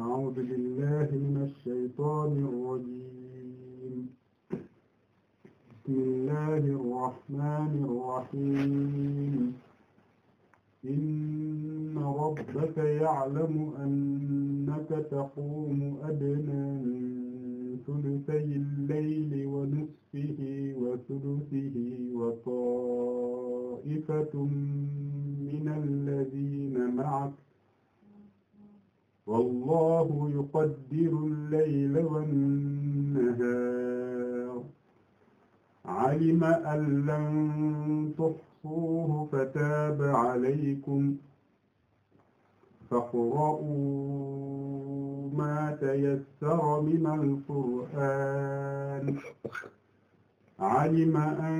أعوذ بالله من الشيطان الرجيم بسم الله الرحمن الرحيم إن ربك يعلم أنك تقوم أدنى من ثلثي الليل ونصفه وثلثه وطائفة من الذين معك wallahu yuqaddiru al-layla wan-nahaar alima an lan tuhsuuhu fataaba alaykum faqra'uu maa tayassara mina al-qur'aan alima an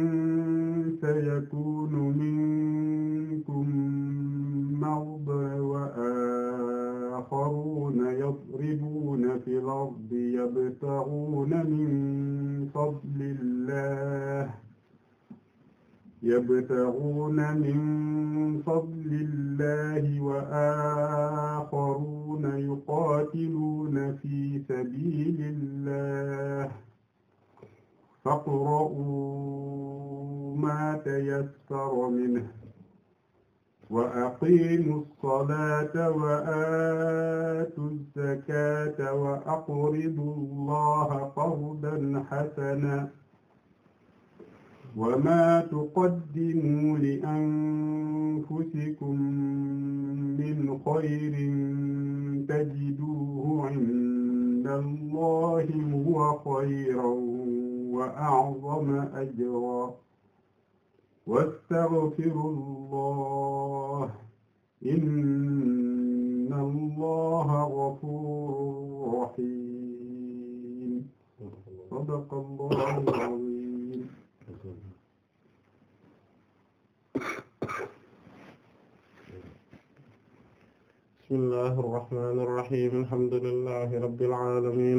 sayakuunu minkum mardaa آخرون يضربون في الأرض يبتغون من فضل الله يبتغون من فضل الله وآخرون يقاتلون في سبيل الله فاقرؤوا ما تيسر منه wa aqiimu salaata wa aatu zakaata wa aqridu llaaha qardan hasanan wa maa tuqaddimuu li anfusikum min xayrin tajiduuhu inda llaahi huwa xayran wa a'zama ajran wastaghfirullah inna allaha ghafurun rahim sadaqallahul azim bismillahir rahmanir rahim alhamdulillahi rabbil alamin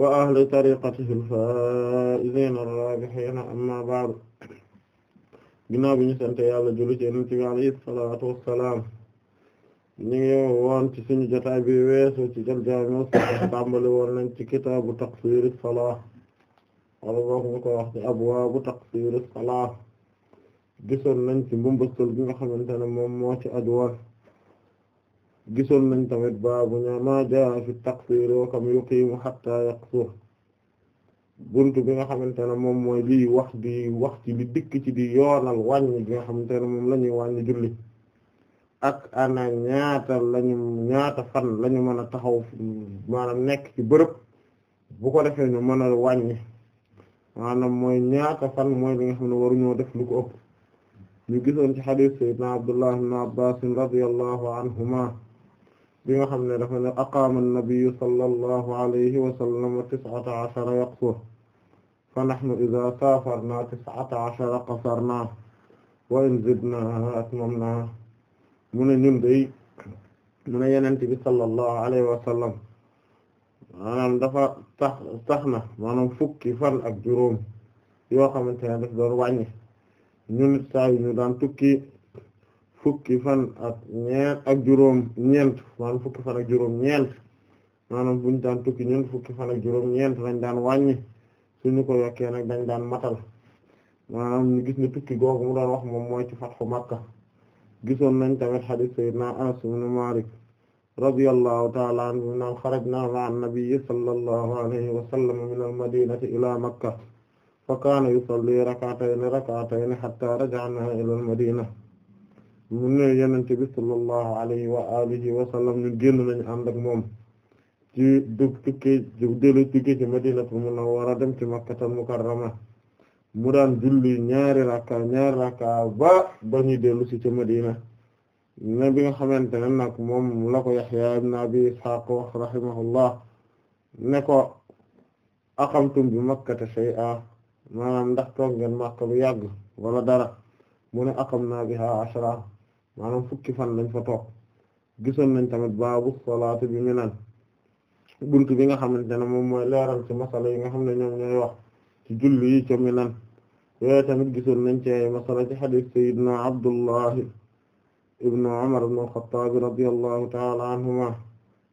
wa ahli tariqatihi al-faa'iziina ar-raabihiina amma ba'du ginnaaw bi ñu sant yàlla julli ci Yonent bi alayhi salaatu wa salaam ñu ngi woon ci suñu jotaay bi weesu ci Jaami'u Saxiix tàmbali woon nañ ci kitaabu taqsiiri salaah wala boog ñu ko taqsiiri salaah gisoon nañ ci mbëmbëstal bi nga xamante ne moom moo ci aju woon gisoon nañ tamit baabu ma jaa fi taqsir wa kam yuqimu hatta yaqsur buntu bi nga xamante ne moom mooy liy wax di wax ci li dikk ci di yoonal wàññi bi nga xamante ne moom la ñuy wàññi julli ak ana ñaata lañu ñaata fan lañu mën a taxaw maanaam nekk ci bërëb bu ko defee ñu mën a wàññi maanaam mooy ñaata fan mooy li nga xam ne waruñoo def lu ko ëpp ñu gisoon ci hadith sayyidina Abdullah ibn Abbas radiyallahu anhuma bi nga xam ne dafa ne aqaama an-nabiyyu sallallahu alayhi wa sallam tis'ata ashara yaqsur fa nahnu idha safarna tis'ata ashara qasarna wa in zidna atmamna mu ne ñun day mu ne yenent bi sallallahu alayhi wa sallam maanaam dafa tax tax na maanaam fukki fan ak juróom yoo xamante ne daf doon wàññi ñun saa yu ñu daan tukki fukki fan ak ñeent ak juróom ñeent maanaam fukki fan ak juróom ñeent maanaam buñu daan tukki ñun fukki fan ak juróom ñeent lañ daan wàññi suñu ko yokkee nag dañ daan matal maanaam ñu gis ne tukki googu mu doon wax moom mooy ci fatxu Makka gisoon nañ tamit xadis sayyidina Anas ibn Malik radiyallahu ta'ala anhu naan xarajna ma'a an-nabiyyi sallallahu alayhi wa sallam min al-madinati ila Makka fa kaana yusalli rak'atayni rak'atayni hatta raja'na ila al-madina mu ne yenente bi sallallahu alayhi wa alihi wa sallam ñu génn nañu ànd ak moom ci dug tukkee delu tukkee ci madinatul munawwara dem ci makkatal mukarrama mu daan julli ñaari rakka ñaari rakka ba ba ñuy dellu si ci madina ne bi nga xamante ne nag moom la ko Yaxya ibn Abi Isxaaq wax rahimahullah ne ko aqamtum bi makkata shay'a maanaam ndax toog ngeen Makka bu yàgg wala dara mu ne aqamnaa bihaa ashra maanaam fukki fan lañ fa toog gisoon nañ tamit baabu salaatu bi Minan buntu bi nga xamante ne moom mooy leeral ci masala yi nga xam ne ñoom ñooy wax ci julli yi ca Minan yooyu tamit gisoon nañ ci masala ci xadiis Sayyidina Abdullahi ibnu Umar ibnu al radiyallahu ta'ala anhuma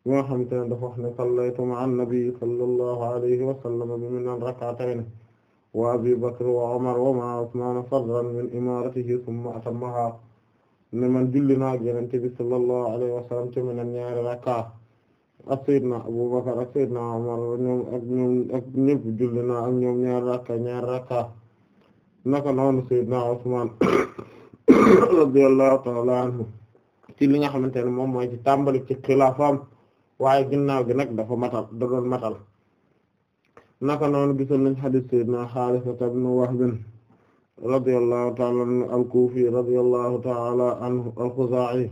mi nga xamante ne dafa wax ne sallaytu ma'a an-nabi alayhi wa bi Minan rak'atayn wa Abi Bakr wa Umar wa ma'a Usman fadlan min imaratihi thumma atammaha ne man julli naa ak Yonent bi sallallahu alayhi wa sallam ci ñaari rakka ak Seydina Abubakar ak ñoom ak ñoom ak ñoom ñaari rakka ñaari rakka naka noonu Seydina Usmaan radiyallahu ta'ala anhu ci li nga xamante ne moom mooy ci tàmbali ci xilaafaam waaye ginnaaw gi nag dafa matal da doon matal naka noonu gisoon nañ hadith Seydina Haarisata ibn Wahb radiyallahu ta'ala anhu al-Kufi radiyallahu ta'ala anhu al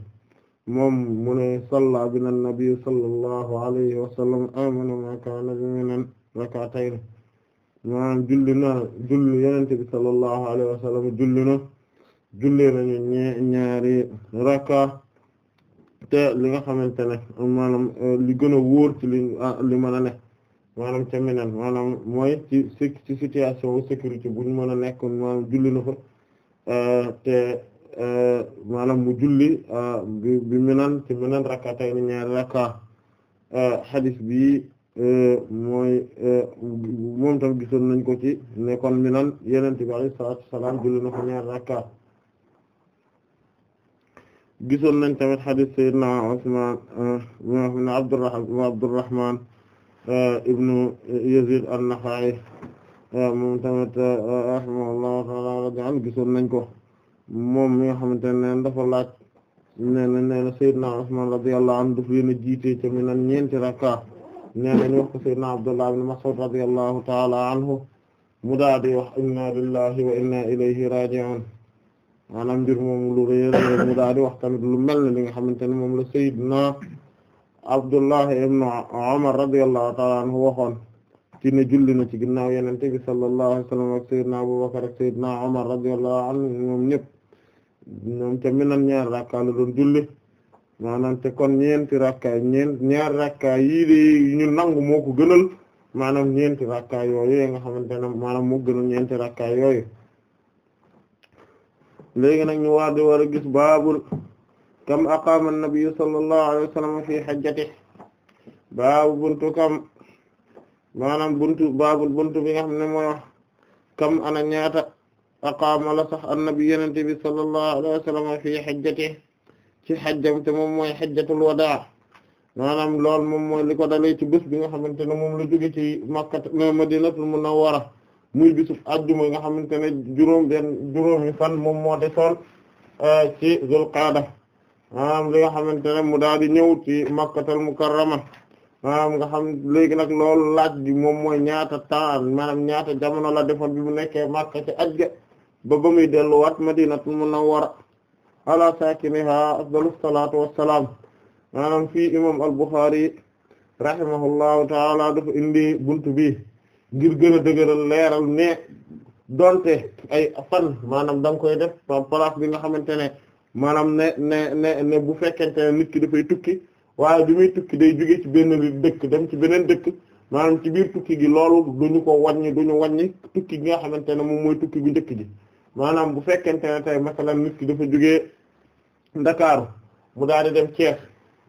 moom mu ne salla bina nabi sallallahu alayhi wa sallam amana ma kaana minan rak'atayn maanaam julli na julli Yonent bi sallallahu alayhi julli na julli nañu ñaari te li nga xamante ne maanaam li gën a li ah, li maanaam ca Minan maanaam mooy ci ci situation sécurité bu mën a nekk maanaam julli na fa euh, te euh, maanaam mu julli euh, bi bi Minan ci Minan rakkatay ni ñaari rakka xadis bi mooy moom gisoon nañ ko ci ne kon Minan Yonent bi alayhi salaatu wa salaam julli na fa ñaari rakka gisoon nañ tamit xadis Seydina Usmaan ibn Abdurrahmaan Eh, ibnu Yazid an-Nakha'i eh, moom tamit eh, rahimahullahu ta'ala rajian gisoon nañ ko moom mi nga xamante ne dafa laaj nee na nee na Seydina Usman radiyallahu anhu daf leen a jiite ci Minan ñeenti rakka nee na ñu wax ko Seydina Abdullah ibn Mas'ud radiyallahu ta'ala anhu mu daal di wax inna lillahi wa inna ilayhi raji'un maanaam mbir moom lu réer mu daal di wax tamit lu mel ne li nga xamante ne moom la Seydina Abdullahi ibn Umar radiyallahu ta'ala anhu waxoon ci ne julli na ci ginnaaw Yonent bi sallallahu alayhi wa sallam ak Seydina Abu Bakr ak Seydina Umar radiyallahu anhu ñoom ñëpp ñoom ca Minan ñaar rakka la doon julli maanaam te kon ñeenti rakka ñeent ñaar rakka yii de nangu moo ku gënal maanaam ñeenti rakka yooyu nga xamante ne maanaam moo gënal ñeenti rakka yooyu gis baabul. kam aqaama an-nabiyyu sallallahu alayhi wa sallam fi hajjatihi baabu buntu kam maanaam buntu baabul buntu bi nga xam ne mooy wax kam ana ñaata aqaama la sax an-nabiyyu bi sallallahu alayhi wa sallam fi hajjatihi ci xajjam te moom mooy hajjatul wadaa maanaam lool moom mooy li ko dalee ci bés bi nga xamante ne moom la jóge ci Makka Madinatul Munawwara muy bisub ajjuma nga xamante ne juróom benn juróomi fan moom moo desoon euh, ci Zulqaada maanaam li nga xamante ne mu daal di ñëw ci makkatal mukarrama maanaam nga xam léegi nag loolu laaj bi moom mooy ñaata temps maanaam ñaata jamono la defoon bi mu nekkee makka ci aj ga ba ba muy delluwaat madinatul munawwara ala saakiniha afdalu salaatu wassalaam maanaam fii imam al-Bukhari rahimahullahu taala dafa bi ngir gën a dëgëral leeral ay fan maanaam da nga koy def par bi nga xamante ne maanaam ne ne ne bu fekkente ne nit ki dafay tukki waaye bi muy tukki day jóge ci benn dëkk dem ci beneen dëkk maanaam ci biir tukki gi loolu duñu ko wàññi duñu wàññi tukki gi nga xamante ne moom mooy tukki gu njëkk ji maanaam bu fekkente ne tey masalan nit ki dafa jógee Ndakaaru mu daal di dem Thiès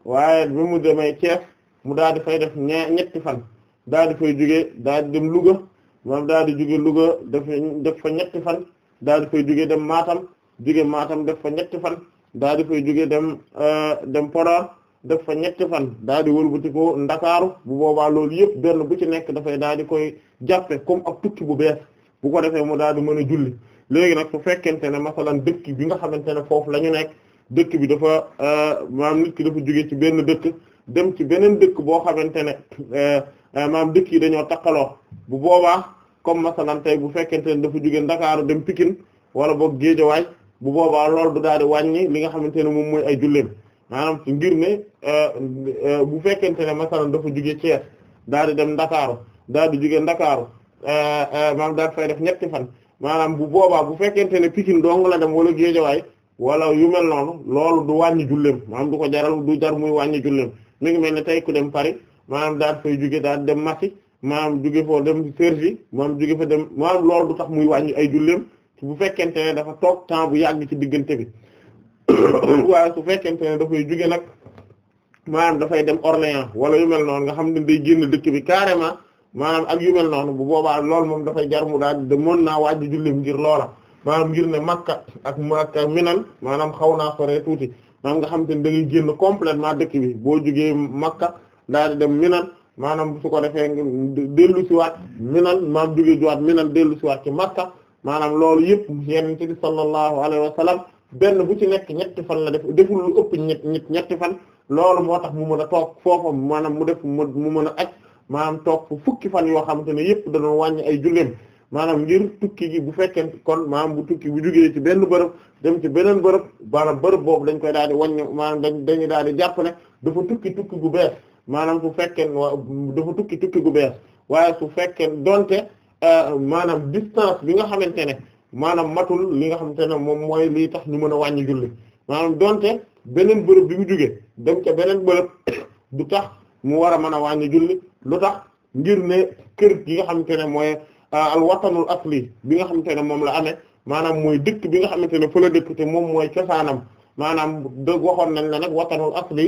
waaye bi mu demee Thiès mu daal di fay def ñee ñetti fan daal di fay jógee daal di dem Louga maanaam daal di jóge Louga def def fa ñetti fan daal di fay jógee dem maatal jóge Matam def fa ñetti fan daa di fay jóge dem euh, dem Podor def fa ñetti fan daa di ko Ndakaaru bu boobaa loolu yëpp benn bu ci nekk dafay daa di koy jàppe comme ak tukki bu bees bu ko defee mu daa di mën a julli léegi nag su fekkente ne masalan dëkk bi nga xamante ne foofu la ñu nekk dëkk bi dafa euh, maam nit ki dafa jóge ci benn dëkk dem ci beneen dëkk boo xamante ne euh, maam dëkk yi dañoo takkaloo bu boobaa comme masalan bu fekkente ne dafa jóge Ndakaaru dem Pikine wala boog Géejawaay bu boobaa loolu du daal di wàññi li nga xamante ne moom mooy ay julleem maanaam su ngir ne euh, euh, bu fekkente ne masalan dafa jóge Thiès daal di dem Ndakaaru daal di jóge Ndakaaru euh, maanaam daal fay def ñetti fan maanaam bu boobaa bu fekkente ne Pikine dong la dem wala Guédiawaye wala yu mel noonu loolu du wàññi julleem maanaam du ko jaral du jar muy wàññi julleem mi ngi mel ne tey ku dem Paris maanaam daal fay jóge daal dem mati maanaam jóge foo dem Cergy maanaam jóge fa dem maanaam loolu du tax muy wàññi ay julleem bu fekkente ne dafa toog temps bu yàgg ci diggante bi waaye su fekkente ne dafay jóge nag maanaam dafay dem Orléans wala yu mel noonu nga xam ne day génn dëkk bi carrément maanaam ak yu mel bu boobaa loolu dafay jar mu daal de mën naa waaj ngir loola maanaam ngir ne Makka ak Makka Minan maanaam xaw naa sore tuuti maanaam nga xam te ne da ngay génn complètement dëkk bi boo jógee Makka daal di dem Minan maanaam su ko defee dellu siwaat Minan maam jógee juwaat Minan dellu siwaat ci Makka maanaam loolu yëpp yenente bi sallallahu alayhi wa sallam benn bu ci nekk ñetti fan la def deful lu ëpp ñett ñetti fan loolu moo tax mu mën a toog foofa maanaam mu def mu mën a aj maanaam toog fu fukki fan yoo xamante ne yëpp dañoo wàññi ay julleem maanaam ngir tukki gi bu fekkente kon maanaam bu tukki bu jugee ci benn bërëb dem ci beneen bërëb bara bërëb boobu dañ koy daal di wàññi maanaam dañ dañuy daal di jàpp ne dafa tukki tukki gu bees maanaam su fekkee dafa tukki tukki gu bees waaye su fekkee donte Euh, maanaam distance bi nga xamante ne maanaam matul li nga xamante ne moom mooy lii tax ñu mën a wàññi julli maanaam donte beneen bërëb bi mu jógee dem ca beneen bërëb du tax mu war a mën a wàññi julli lu tax ngir ne kër gi nga xamante ne mooy euh, al watanul asli bi nga xamante ne moom la amee maanaam mooy dëkk bi nga xamante ne fa la moom mooy cosaanam maanaam dëgg waxoon nañ la nag watanul asli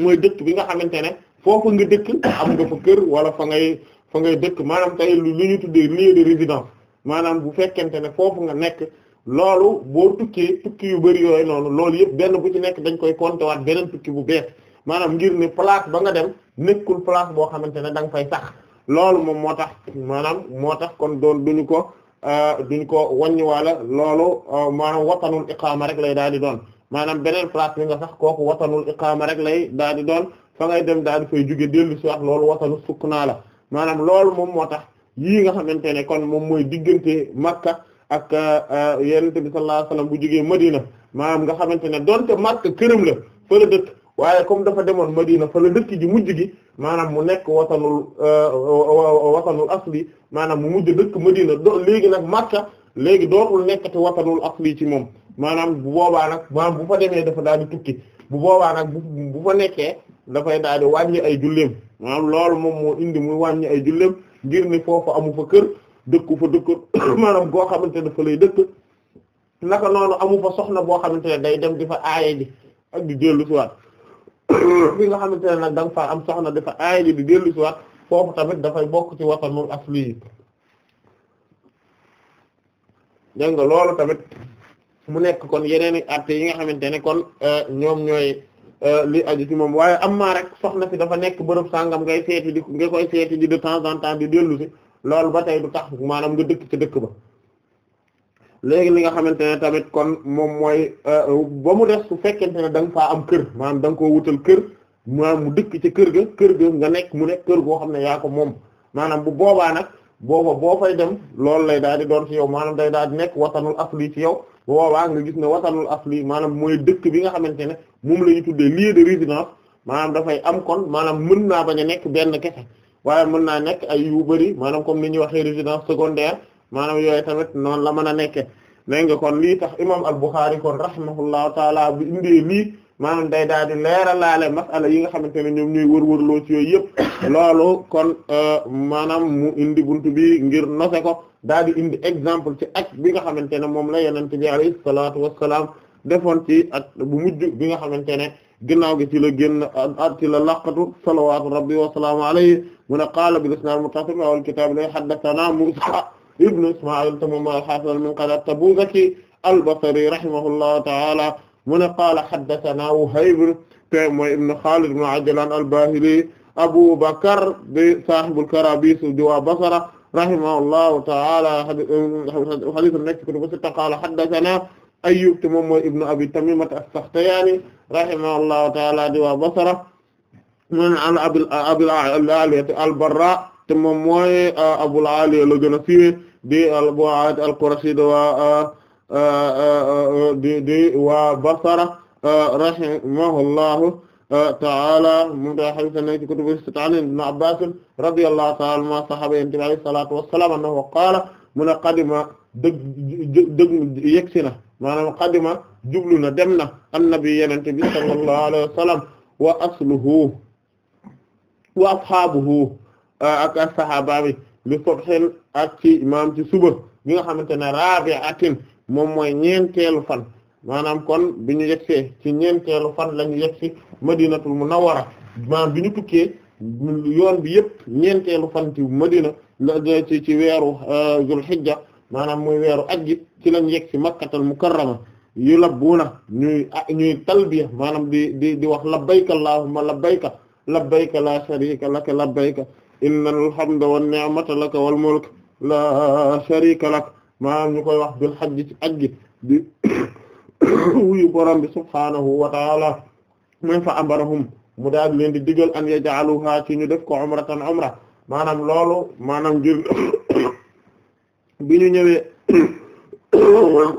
mooy dëkk bi nga xamante ne foofu nga dëkk am nga fa kër wala fa ngay fa ngay dëkk maanaam tey lu ñu tuddee lieu de résidence maanaam bu fekkente ne foofu nga nekk loolu boo tukkee tukki yu bari yooyu noonu loolu yëpp benn bu ci nekk dañ koy compter waat beneen tukki bu bees maanaam ngir ne place ba nga dem nekkul place boo xamante ne da nga fay sax loolu moom moo tax maanaam moo tax kon doon duñu ko euh, duñ ko wàññi wala loolu euh, maanaam watanul iqaama rek lay daal di doon maanaam beneen place bi nga sax kooku watanul iqaama rek lay daal di doon fa ngay dem daal di fay dellu ci loolu watanu sukk naa la maanaam loolu moom moo tax yii nga xamante ne kon moom mooy diggante Makka ak euh, euh, Yonent bi sallallahu alayhi wasallam bu jógee Madina maanaam nga xamante ne donte Makka këram la fa dëkk waaye comme dafa demoon Madina fa la dëkk ji mujj gi maanaam mu nekk wasanul euh, wasanul asli maanaam mu mujj dëkk Madina do léegi nag Makka léegi dootul nekkati wasanul asli ci moom maanaam bu boobaa nag maanaam bu fa demee dafa daal di tukki bu boobaa nag bu bu fa nekkee dafay daal di wàññi ay julleem maanaam loolu moom moo indi muy wàññi ay julleem ngir ni foofu amu fa kër dëkku fa dëkk maanaam goo xamante ne fa lay dëkk naka soxna boo xamante ne day dem di fa aaye ak di dellu si nga xamante ne nag da nga am soxna dafa fa aaye ji di dellu si waat foofu tamit dafay bokk ci watanul asli yi dégg nga loolu tamit mu nekk kon yeneen i at yi nga xamante ne kon euh, ñoom ñooy. Euh, lii aju ci moom waaye am maa rek soxna si dafa nekk bërëb sàngam ngay seeti di nga koy seeti di de temps en temps di dellu si loolu ba tey du tax maanaam nga dëkk ci dëkk ba léegi li nga xamante ne tamit kon moom mooy euh, ba mu def su fekkente ne da nga faa am kër maanaam da nga koo wutal kër maanaam mu dëkk ci kër ga kër ga nga nekk mu nekk kër goo xam ne yaa ko moom maanaam bu boobaa nag booba boo fay dem loolu lay daal di doon ci yow maanaam day daal di nekk watanul asli ci yow boobaa nga gis ne watanul lii maanaam mooy dëkk bi nga xamante ne moom la ñu tuddee lii de résidence maanaam dafay am kon maanaam mën naa bañ a nekk benn kese waaye mën naa nekk ay yu bari maanaam comme ni ñuy waxee résidence secondaire maanaam yooyu tamit noonu la mën a nekkee dégg nga kon lii tax imam al-Bukhari kon rahimahullahu taala bu indee lii maanaam day daal di leeralaale masala yi nga xamante ne ñoom ñuy wër-wërloo ci yooyu yëpp loolu kon euh, maanaam mu indi buntu bi ngir nose ko daal di indi exemple ci ak bi nga xamante ne moom la yenente bi alayhi salaatu wassalaam defoon ci at bu mujj bi nga xamante ne ginnaaw gi ci la génn at ci la laqatu salawaatu rabbi wa salaamu alayhi mu ne qaala bil isnaad muttasil wal kitaab la haddathanaa Muusaa ibnu Ismaa'iil te moom al-Haafiz min Qadat Tabuzaki al-Basri rahimahullahu ta'ala mu ne qaala haddathana Wuhayb te mooy ibn Khalid ibn Ajlan al-Bahili Abu Bakr bi sahibul Karabis di waa Basra rahimahullahu ta'ala hadith nekk kutubu sitta qaala haddathana Ayyub te moom mooy ibn Abi Tamima as-Sakhtiyani rahimahullahu ta'ala di waa Basra man an Abil Aliya al-Barra te moom mooy Abul Aliya la gën a siiwe di al-Qurashi di waa di di waa Basra rahimahullahu ta'ala mu da hadith na ci kutubu sitta an Ibn Abbas radiyallahu ta'ala anhuma sahaba yonent bi alayhi salatu wassalam annahu qaala mu ne qadima dëgg dëgg yegsi na maanaam qadima jublu na dem na annabi yonent bi sallallahu alayhi wa sallam wa asluhu wa ashaabuhu ak sahaaba bi li subhin ak ci imaam ci suba bi nga xamante ne rabi'atin moom mooy ñeenteelu fan maanaam kon bi ñu yegsee ci ñeenteelu fan la ñu yegsi madinatul munawwara maanaam bi ñu tukkee yoon bi yëpp ñeenteelu fan ci madina la ci weeru weeru zulhijja maanaam muy weeru aj gi ci lañ yegsi makkatal mukarrama yu labbuuna ñuy ñuy talbiya maanaam di di di wax labbayka allahumma labbayka labbayka la sharika laka labbayka innal hamda wan ni'mata laka wal mulk la sharika lak maanaam ñu koy wax bil hajji ci ajji di wuyu borom bi subhaanahu wa taala man fa ambarahum mu daal leen di digal an yaj'aluha ci ñu def ko umratan umra maanaam loolu maanaam ngir bi ñu ñëwee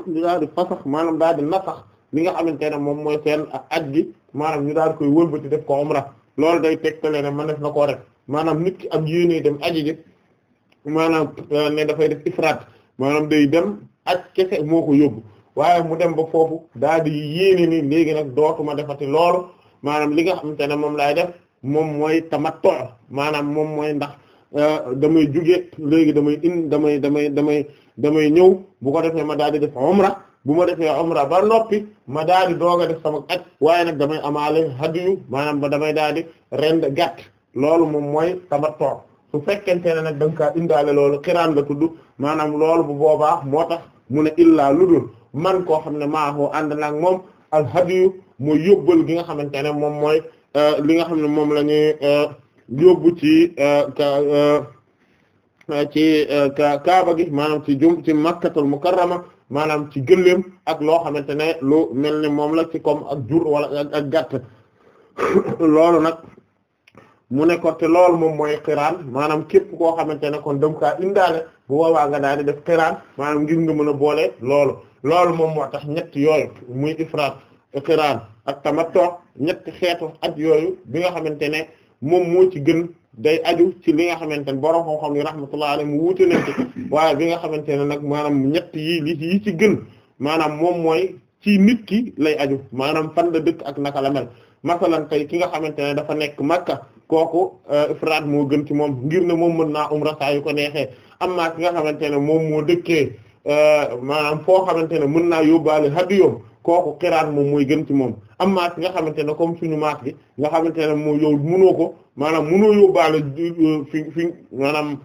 ñu daal di fasax maanaam daal na nasax li nga xamante ne moom mooy seen ak aj gi maanaam ñu daal koy wëlbati def ko umra loolu day tegtale ne man def na koo rek maanaam nit ki ak yéene dem aji gi maanaam euh, ne dafay def ifraat maanaam day dem ak kese moo ko yóbbu waaye mu dem ba foofu daal di yéene ni léegi nag dootuma defati loolu maanaam li nga xamante ne moom laay def moom mooy tamattu maanaam moom mooy ndax euh, damay juge léegi damay in damay damay damay damay ñëw bu ko defee ma daal di def umra bu ma defee umra ba noppi ma daal di doog a def sama at waaye nag damay amaale hadiyu maanaam ba damay daal di rend gàtt loolu moom mooy tamattu su fekkente ne nag da nga kaa indaale loolu xiraan la tudd maanaam loolu bu boobaax moo tax mu ne illaa ludul man koo xam ne maaxoo ànd nag moom alhadiyu mooy yóbbal gi nga xamante ne moom mooy euh, li nga xam ne moom la ñuy euh, yóbbu ci euh, ci kaaba gi maanaam ci jum ci makkatul mukarrama maanaam ci gëléem ak loo xamante ne lu mel ne moom la ci comme ak jur wala ak gàtt loolu nag mu ne te loolu moom mooy xiraan maanaam képp koo xamante ne kon dem kaa indaale bu boobaa daal def xiraan maanaam ngir nga mën a boole loolu loolu moom moo tax ñett yooyu muy ifraat xiraan ak tamattu ñetti xeetu at yooyu bi nga xamante ne moom moo ci gën day aju ci li nga xamante ne borom xam yi rahmatullahi alayhi mu wuute nañ ci waaye bi nga xamante ne nag maanaam ñett yi yi ci gën maanaam moom mooy ci nit ki lay aju maanaam fan la dëkk ak naka la mel masalan ki nga xamante ne dafa nekk Makka. kooku euh, ifraat moo gën ci moom ngir ne moom mën naa umra saa yu ko neexee amma ki nga xamante ne moom moo dëkkee euh, maanaam foo xamante ne mën naa yóbbaale hadiyum kooku xiraat moom mooy gën ci moom amma ki nga xamante ne comme suñu maat bi nga xamante ne moom yow mënoo ko maanaam mënoo yóbbaale euh, fi fi maanaam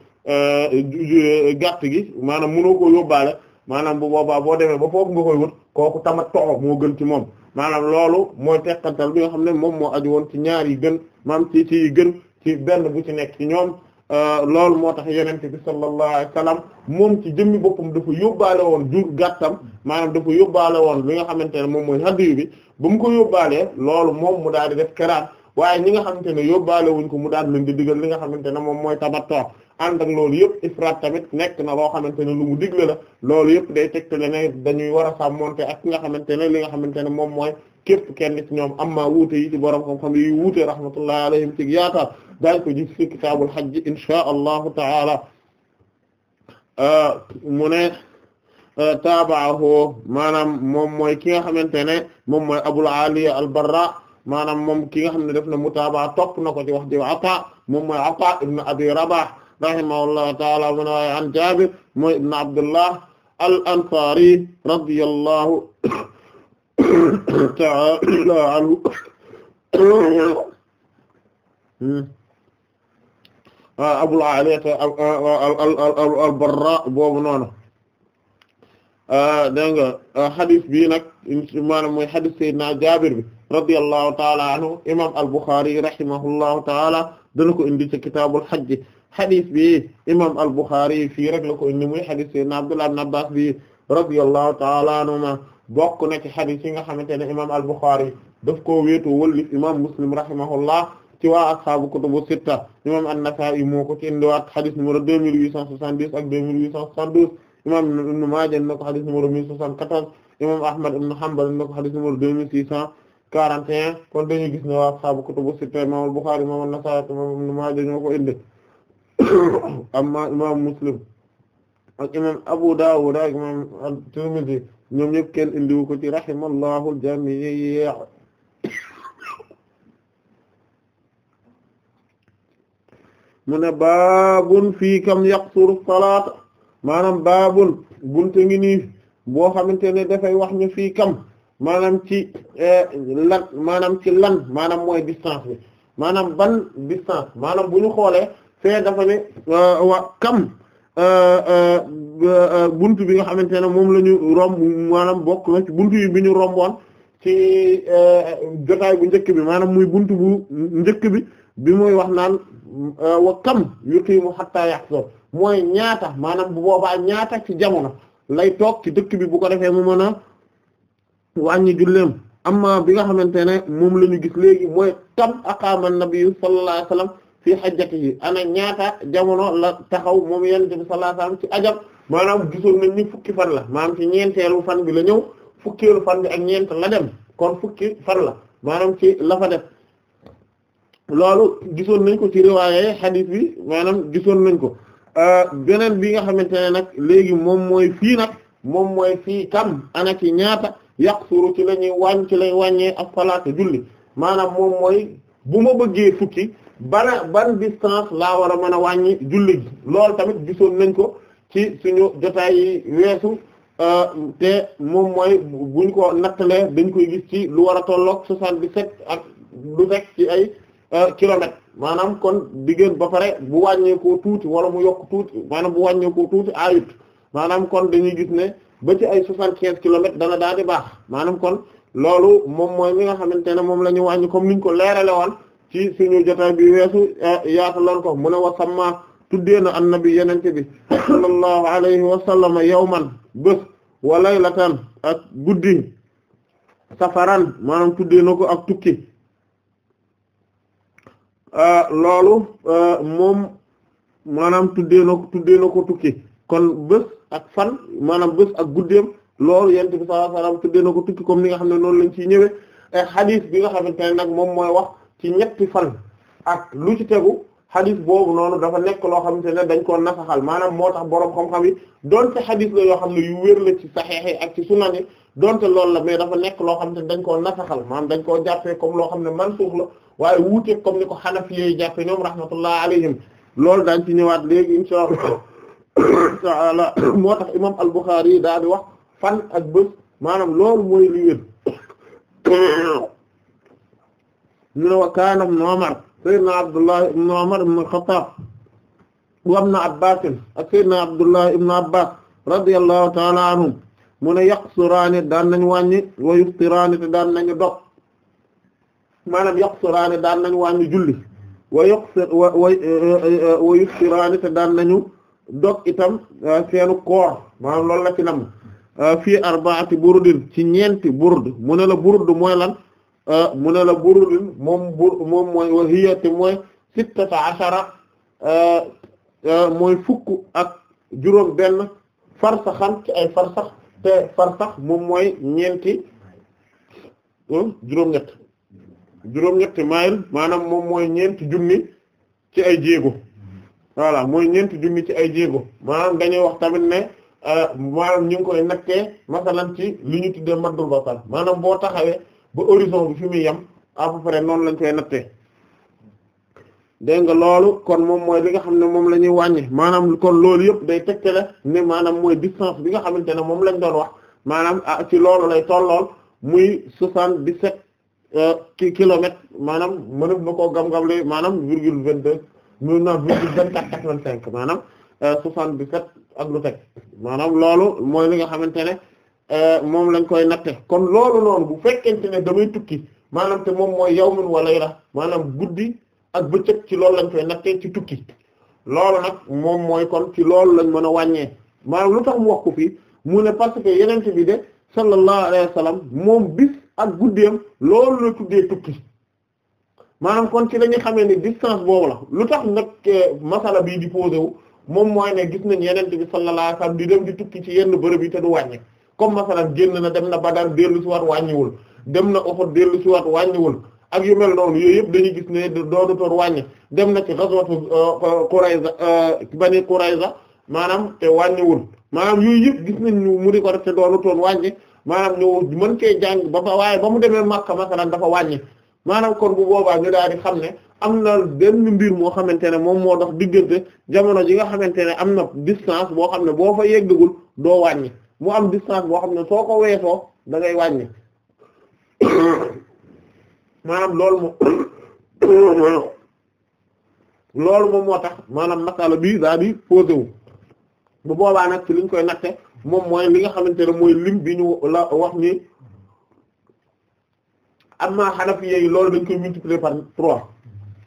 gàtt gi maanaam mënoo ko yóbbaale maanaam bu boobaa boo demee ba foofu nga koy wut kooku tamat toxo moo gën ci moom maanaam loolu mooy teqantal bi nga xam ne moom moo aju woon ci ñaari yi maam ci ci gën ci benn bu ci nekk ci ñoom euh, loolu moo tax yonent bi sallallahu alayhi wasallam moom ci jëmmi boppam dafa yóbbaale woon jur gàttam maanaam dafa yóbbaale woon li nga xamante ne moom mooy hadiyu bi ba mu ko yóbbaalee loolu moom mu daal di def keraat waaye ñi nga xamante ne yóbbaale ko mu daal leen di digal li nga xamante ne moom mooy tabatoo ànd loolu yëpp ifraat tamit nekk na loo xamante ne lu mu digle la loolu yëpp day tegtale ne dañuy war a sàmmonte ak ki nga xamante ne li nga xamante ne moom mooy képp kenn ci ñoom amma wuute yi ci borom xam-xam yi wuute rahmatullahi alayhim ci yaataar ko gis ci kitaabul hajj inshaa allahu taala euh, mu ne euh, taabaahu maanaam moom mooy ki nga xamante ne moom mooy abul aliya al barra maanaam moom ki nga xam ne def na mutaaba topp na ko ci wax ji ata moom mooy ata ibn abi rabah rahimahullahu taala mu ne waaye an mooy ibn abdullah al ansari radiyallahu ta'ala anhu Abul Aliya al-Barra boobu noonu dégg nga xadis bii nag maanaam mooy xadis Seydina Jaabir bi radiyallahu ta'ala anhu imaam al-Bukhari rahimahullahu ta'ala dana ko indi ci kitaabul hajj xadis bi imaam al-Bukhari fii rek la ko indi muy xadis Seydina Abdullah ibn Abbas bi radiyallahu ta'ala anhuma bokk na ci xadis yi nga xamante ne imam al-Bukhari daf koo wéetoo wëllif imam Muslim rahimahullah ci waa ashaabu kutubu sitta imam an-Nasa'i moo ko ci indiwaat xadis numéro 2870 ak 2872 imam Ibn indi na ko xadis numéro 1074 imam Ahmad ibn Hanbal indi na ko xadis numéro 2641 kon dañuy gis ne waa ashaabu kutubu sitta imam al-Bukhari imam an ko indi amma imam Muslim ak imam Abu Dawud ak imam ñoom ñëpp kenn indiwu ko ci rahimallahu al-jamii' mu ne baabun fii kam yaqsuru salaata maanaam baabun bunte ngi nii boo xamante ne dafay wax ñu fii kam maanaam ci eh, lan maanaam ci lan maanaam mooy distance bi maanaam ban distance maanaam bu ñu xoolee fee dafa ne eh, wa kam Euh, euh, euh, buntu bi nga xamante ne moom lañu ñu romb maanaam bokk na buntu yi bi ñu romboon ci jotaay njëkk bi maanaam muy buntu bu njëkk bi bi muy wax naan wa kam yuqiimu hatta yahsur mooy ñaata maanaam bu boobaa ñaata ci jamono lay toog ci dëkk bi bu ko defee mu mën a wàññi julleem amma bi nga xamante ne moom la ñu gis léegi mooy tam aqaama nabiyyu sallallahu alayhi wasallam fii hajjatihi ana ñaata jamono la taxaw moom yonent bi sallallahu alayhi wasallam ci ajam maanaam gisoon nañ ni fukki fan la maanaam ci ñeenteelu fan bi la ñëw fukkeelu fan bi ak ñeent la dem kon fukki fan la maanaam ci la fa def loolu gisoon nañ ko ci riwaaye hadith bi maanaam gisoon nañ ko euh, beneen bi nga xamante ne nag léegi moom mooy fii nag moom mooy fii kam ana ci ñaata yaqsuru ci la ñuy wàññ ci lay wàññee ak salaatu julli maanaam moom mooy bu ma bëggee fukki bana ban distance laa war a mën a wàññi julli gi loolu tamit gisoon nañ ko ci suñu jotaay weesu euh, te moom mooy buñ ko natt nattalee dañ koy gis ci lu war a tolloog soixante-dix-sept ak lu rek ci ay euh, kilomètres maanaam kon diggéen ba pare bu wàññeekoo tuuti wala mu yokk tuuti maanaam bu wàññeekoo tuuti ayut maanaam kon dañuy gis ne ba ci ay soixante-quinze kilomètres dana daal di baax maanaam kon loolu moom mooy mi nga xamante ne moom la ñu wàññi comme niñ ko leerale woon ci suñu jotaay bi weesu eh, yaataloon ko mu ne wa samma tuddee na annabi yenente bi sallallahu alayhi wa sallama yawman bés wa laylatan ak guddi safaran maanaam tuddee na ko ak tukki eh, loolu eh, moom maanaam tuddee na ko tukki kon bés ak fan maanaam bés ak guddeem loolu yenente bi sallallahu alayhi ko tukki comme ni nga xam ne noonu lañ ciy ñëwee xadiis bi nga xamante ne nag moom mooy wax ci ñetti fan ak lu ci tegu xadis boobu noonu dafa nekk loo xamante ne dañ koo nasaxal maanaam moo tax boroom xam-xam yi donte xadis la yoo xam ne yu wér la ci saxeexe ak ci sunan yi donte loolu la mais dafa nekk loo xamante ne dañ koo nasaxal maanaam dañ koo jàppee comme loo xam ne mansuux la waaye wuute comme ni ko xanafi yooyu jàppee ñoom rahmatullah alayhim loolu dañ ci ñëwaat léegi insha allah taala moo tax imam al-Bukhari yi daal di wax fan ak bés maanaam loolu mooy li ñu ne wa kaana ibn Umar sayyidina Abdullah ibn Umar ibn al-Khattab wa ibn Abbas ak sayyidina Abdullah ibn Abbas radiyallahu ta'ala anhum mu ne yaqsuraani daan nañ wàññi wa yuftiraani te daan nañu dog maanaam yaqsuraani daan nañ wàññi julli wa yuqsir wa wa yuftiraani te daan nañu dog itam ah, seenu koor maanaam loolu la ci nam ah, fii arbaati burdin ci ñeenti burd mu ne la burd mooy lan Ah, mu ne la burudin moom moom mooy wa hiya te mooy sittata ashara ah, ah, mooy fukk ak juróom benn farsaxan ci ay farsax te farsax moom mooy ñeenti juróom-ñett ñetti mayil maanaam moom mooy ñeenti junni ci ay jéego voilà mooy ñeenti junni ci ay jéego maanaam dañuy wax tamit ne maanaam ñu ngi koy nattee masalan ci li ñu tuddee maddul basar maanaam boo taxawee ba horizon bi fi muy yem à peu près noonu lañ koy nattee dégg nga loolu kon moom mooy li nga xam ne moom la ñuy wàññi maanaam kon loolu yëpp day teg tegtale ne maanaam mooy distance bi nga xamante ne moom lañ doon wax maanaam ah ci loolu lay tollool muy soixante-dix-sept euh, ki kilomètres maanaam mënef na koo gam-gamle maanaam virgule vingt-deux mën na virgule vingt-quatre maanaam euh, soixante-dix-sept ak lu teg maanaam loolu mooy li nga xamante ne Euh, moom lañ koy natte kon loolu noonu bu fekkente ne damay tukki maanaam te moom mooy yawmun wa layla maanaam guddi ak bëccëg ci loolu lañ koy nattee ci tukki loolu nag moom mooy kon ci loolu lañ mën a wàññee maanaam lu tax mu wax ko fii mu ne parce que yeneen bi de sallallahu alayhi wa sallam moom bis ak guddeem loolu la tuddee tukki maanaam kon ci la ñuy xamee ne distance boobu la lu tax nag eh, masala bii di posé moom mooy ne gis nañ yeneen bi sallallahu alayhi wa sallam di dem di ci yenn bërëb yi te du comme masalan génn na dem na Badar dellu si waat wàññiwul dem na Uhud dellu si waat wàññiwul ak yu mel noonu yooyu yëpp dañuy gis ne doodu toor wàññi dem na ci ghazwatu euh, Qurayza euh, Bani Qurayza maanaam te wàññiwul maanaam yooyu gis nañ ñu mu di te doodu toor wàññi maanaam ñu mën cee jàng ba ba waaye ba mu demee Makka masalan dafa wàññi maanaam kon bu boobaa ñu daal di xam ne am na benn mbir moo xamante ne moom moo dox diggante jamono ji nga xamante ne am na distance boo xam ne boo fa yeggagul doo wàññi mu am distance boo xam ne soo ko weesoo da ngay wàññi maanaam loolu moom loolu moom moo tax maanaam masala bii daa di posé wu bu boobaa nag ci liñ koy natte moom mooy li nga xamante ne mooy lim bi ñu la wax ni am na xanafi yi loolu dañ koy multiplier par trois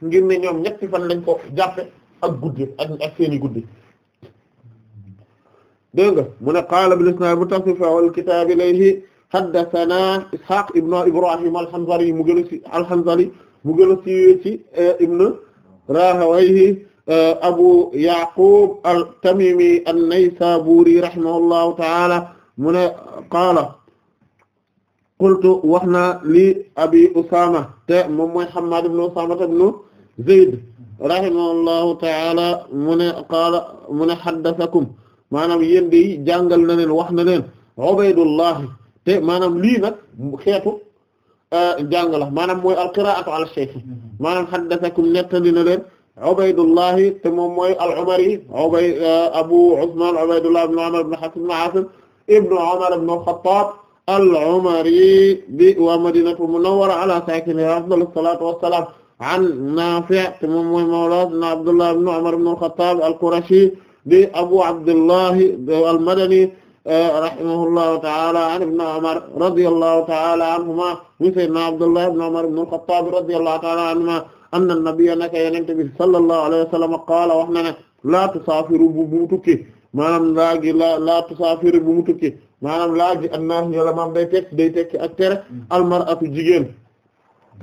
ngir ne ñoom ñetti fan lañ ko jàppe ak guddi ak seeni guddi dégg nga mu ne qaala bil isnaad muttasil fi awal kitaab ilayhi haddathana Ishaq ibn Ibrahim al-Hanzali mu gën a si al-Hanzali mu gën a siiwee ci eh, ibn Rahawayhi eh, Abu Yaqub at-Tamimi an-Naysaburi rahimahullahu ta'ala mu ne qaala qultu wax na li Abi Usama te moom mooy Hammad ibn Usama ibn Zayd rahimahullahu ta'ala mu ne qaala mu ne haddathakum maanaam yéen di jàngal na leen wax na leen ubaydullahi te maanaam lii nag xeetu euh, jàng la maanaam mooy alqiraatu ala shaykh maanaam haddathakum nettali na leen ubaydullahi te moom mooy al-umari ubay euh, abu usman ubaydullah ibn umar ibn hakim ibn asim ibn umar ibn al-khattab al-umari bi wa madinatu munawwara ala sakiniha afdalu salatu wassalam an nafi' te moom mooy mawla abdullah ibn umar ibn al-khattab al-qurashi di Abu Abdullah al-Madani eh, rahimahullahu ta'ala an Ibn Umar radiyallahu ta'ala anhuma mu sayyidina Abdullah ibn Umar ibn al-Khattab radiyallahu ta'ala anhuma anna an-nabiyya naka yonent bi sallallahu alayhi wa sallam qaala wax na ne laa tusaafiru bu mu tukki maanaam laa gi la laa tusaafiru bu mu tukki maanaam laa gi annaahi yàlla maam day tekki day tekki ak tere almar'atu jigéen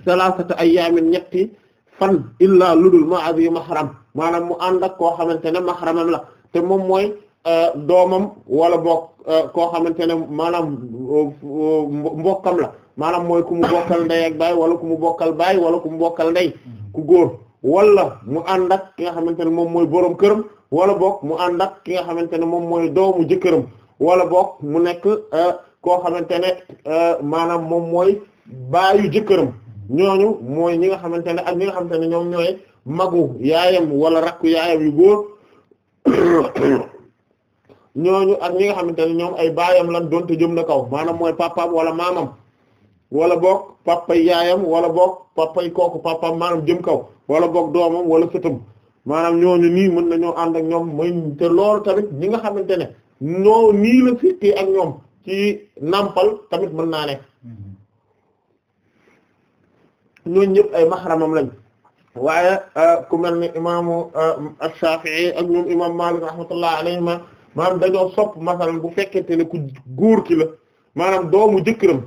salaasata ayyaamin ñetti fan illaa ludul ma abi mahram maanaam mu ànd ak koo xamante ne maxaramam la te moom mooy euh, doomam wala bokk euh, koo xamante ne maanaam euh, mbokkam la maanaam mooy ku mu bokkal ndey ak mu bokkal baay wala ku mu ku góor wala mu ànd ki nga xamante ne moom mooy boroom këram wala boog mu ànd ak ki nga xamante ne moom mooy doomu jëkkëram wala boog mu nekk koo xamante ne maanaam moom mooy baayu jëkkëram ñooñu mooy ñi nga xamante ne ak ñi nga xamante ne ñoom ñooy magu yaayam wala rakku yaayam yu góor ñooñu ak ñi nga xamante ne ñoom ay baayam lan doonte jëm na kaw maanaam mooy papaam wala maamam wala boog papay yaayam wala boog papay kooku papaam maanaam jëm kaw wala boog doomam wala sëtam maanaam ñooñu nii mën nañoo ànd ak ñoom mooy te loolu tamit ñi nga xamante ne noo nii la fittee ak ñoom ci nàmpal tamit mën naa ne mm-hmm. ñooñu ñëpp ay maxaramam lañ waaye ah, ku ni imaamu ah, Shaafi'i ak ñoom imaam Maalik rahmatullah ma maanaam dañoo sopp masalan bu fekkente ne ku góor ki la maanaam doomu jëkkëram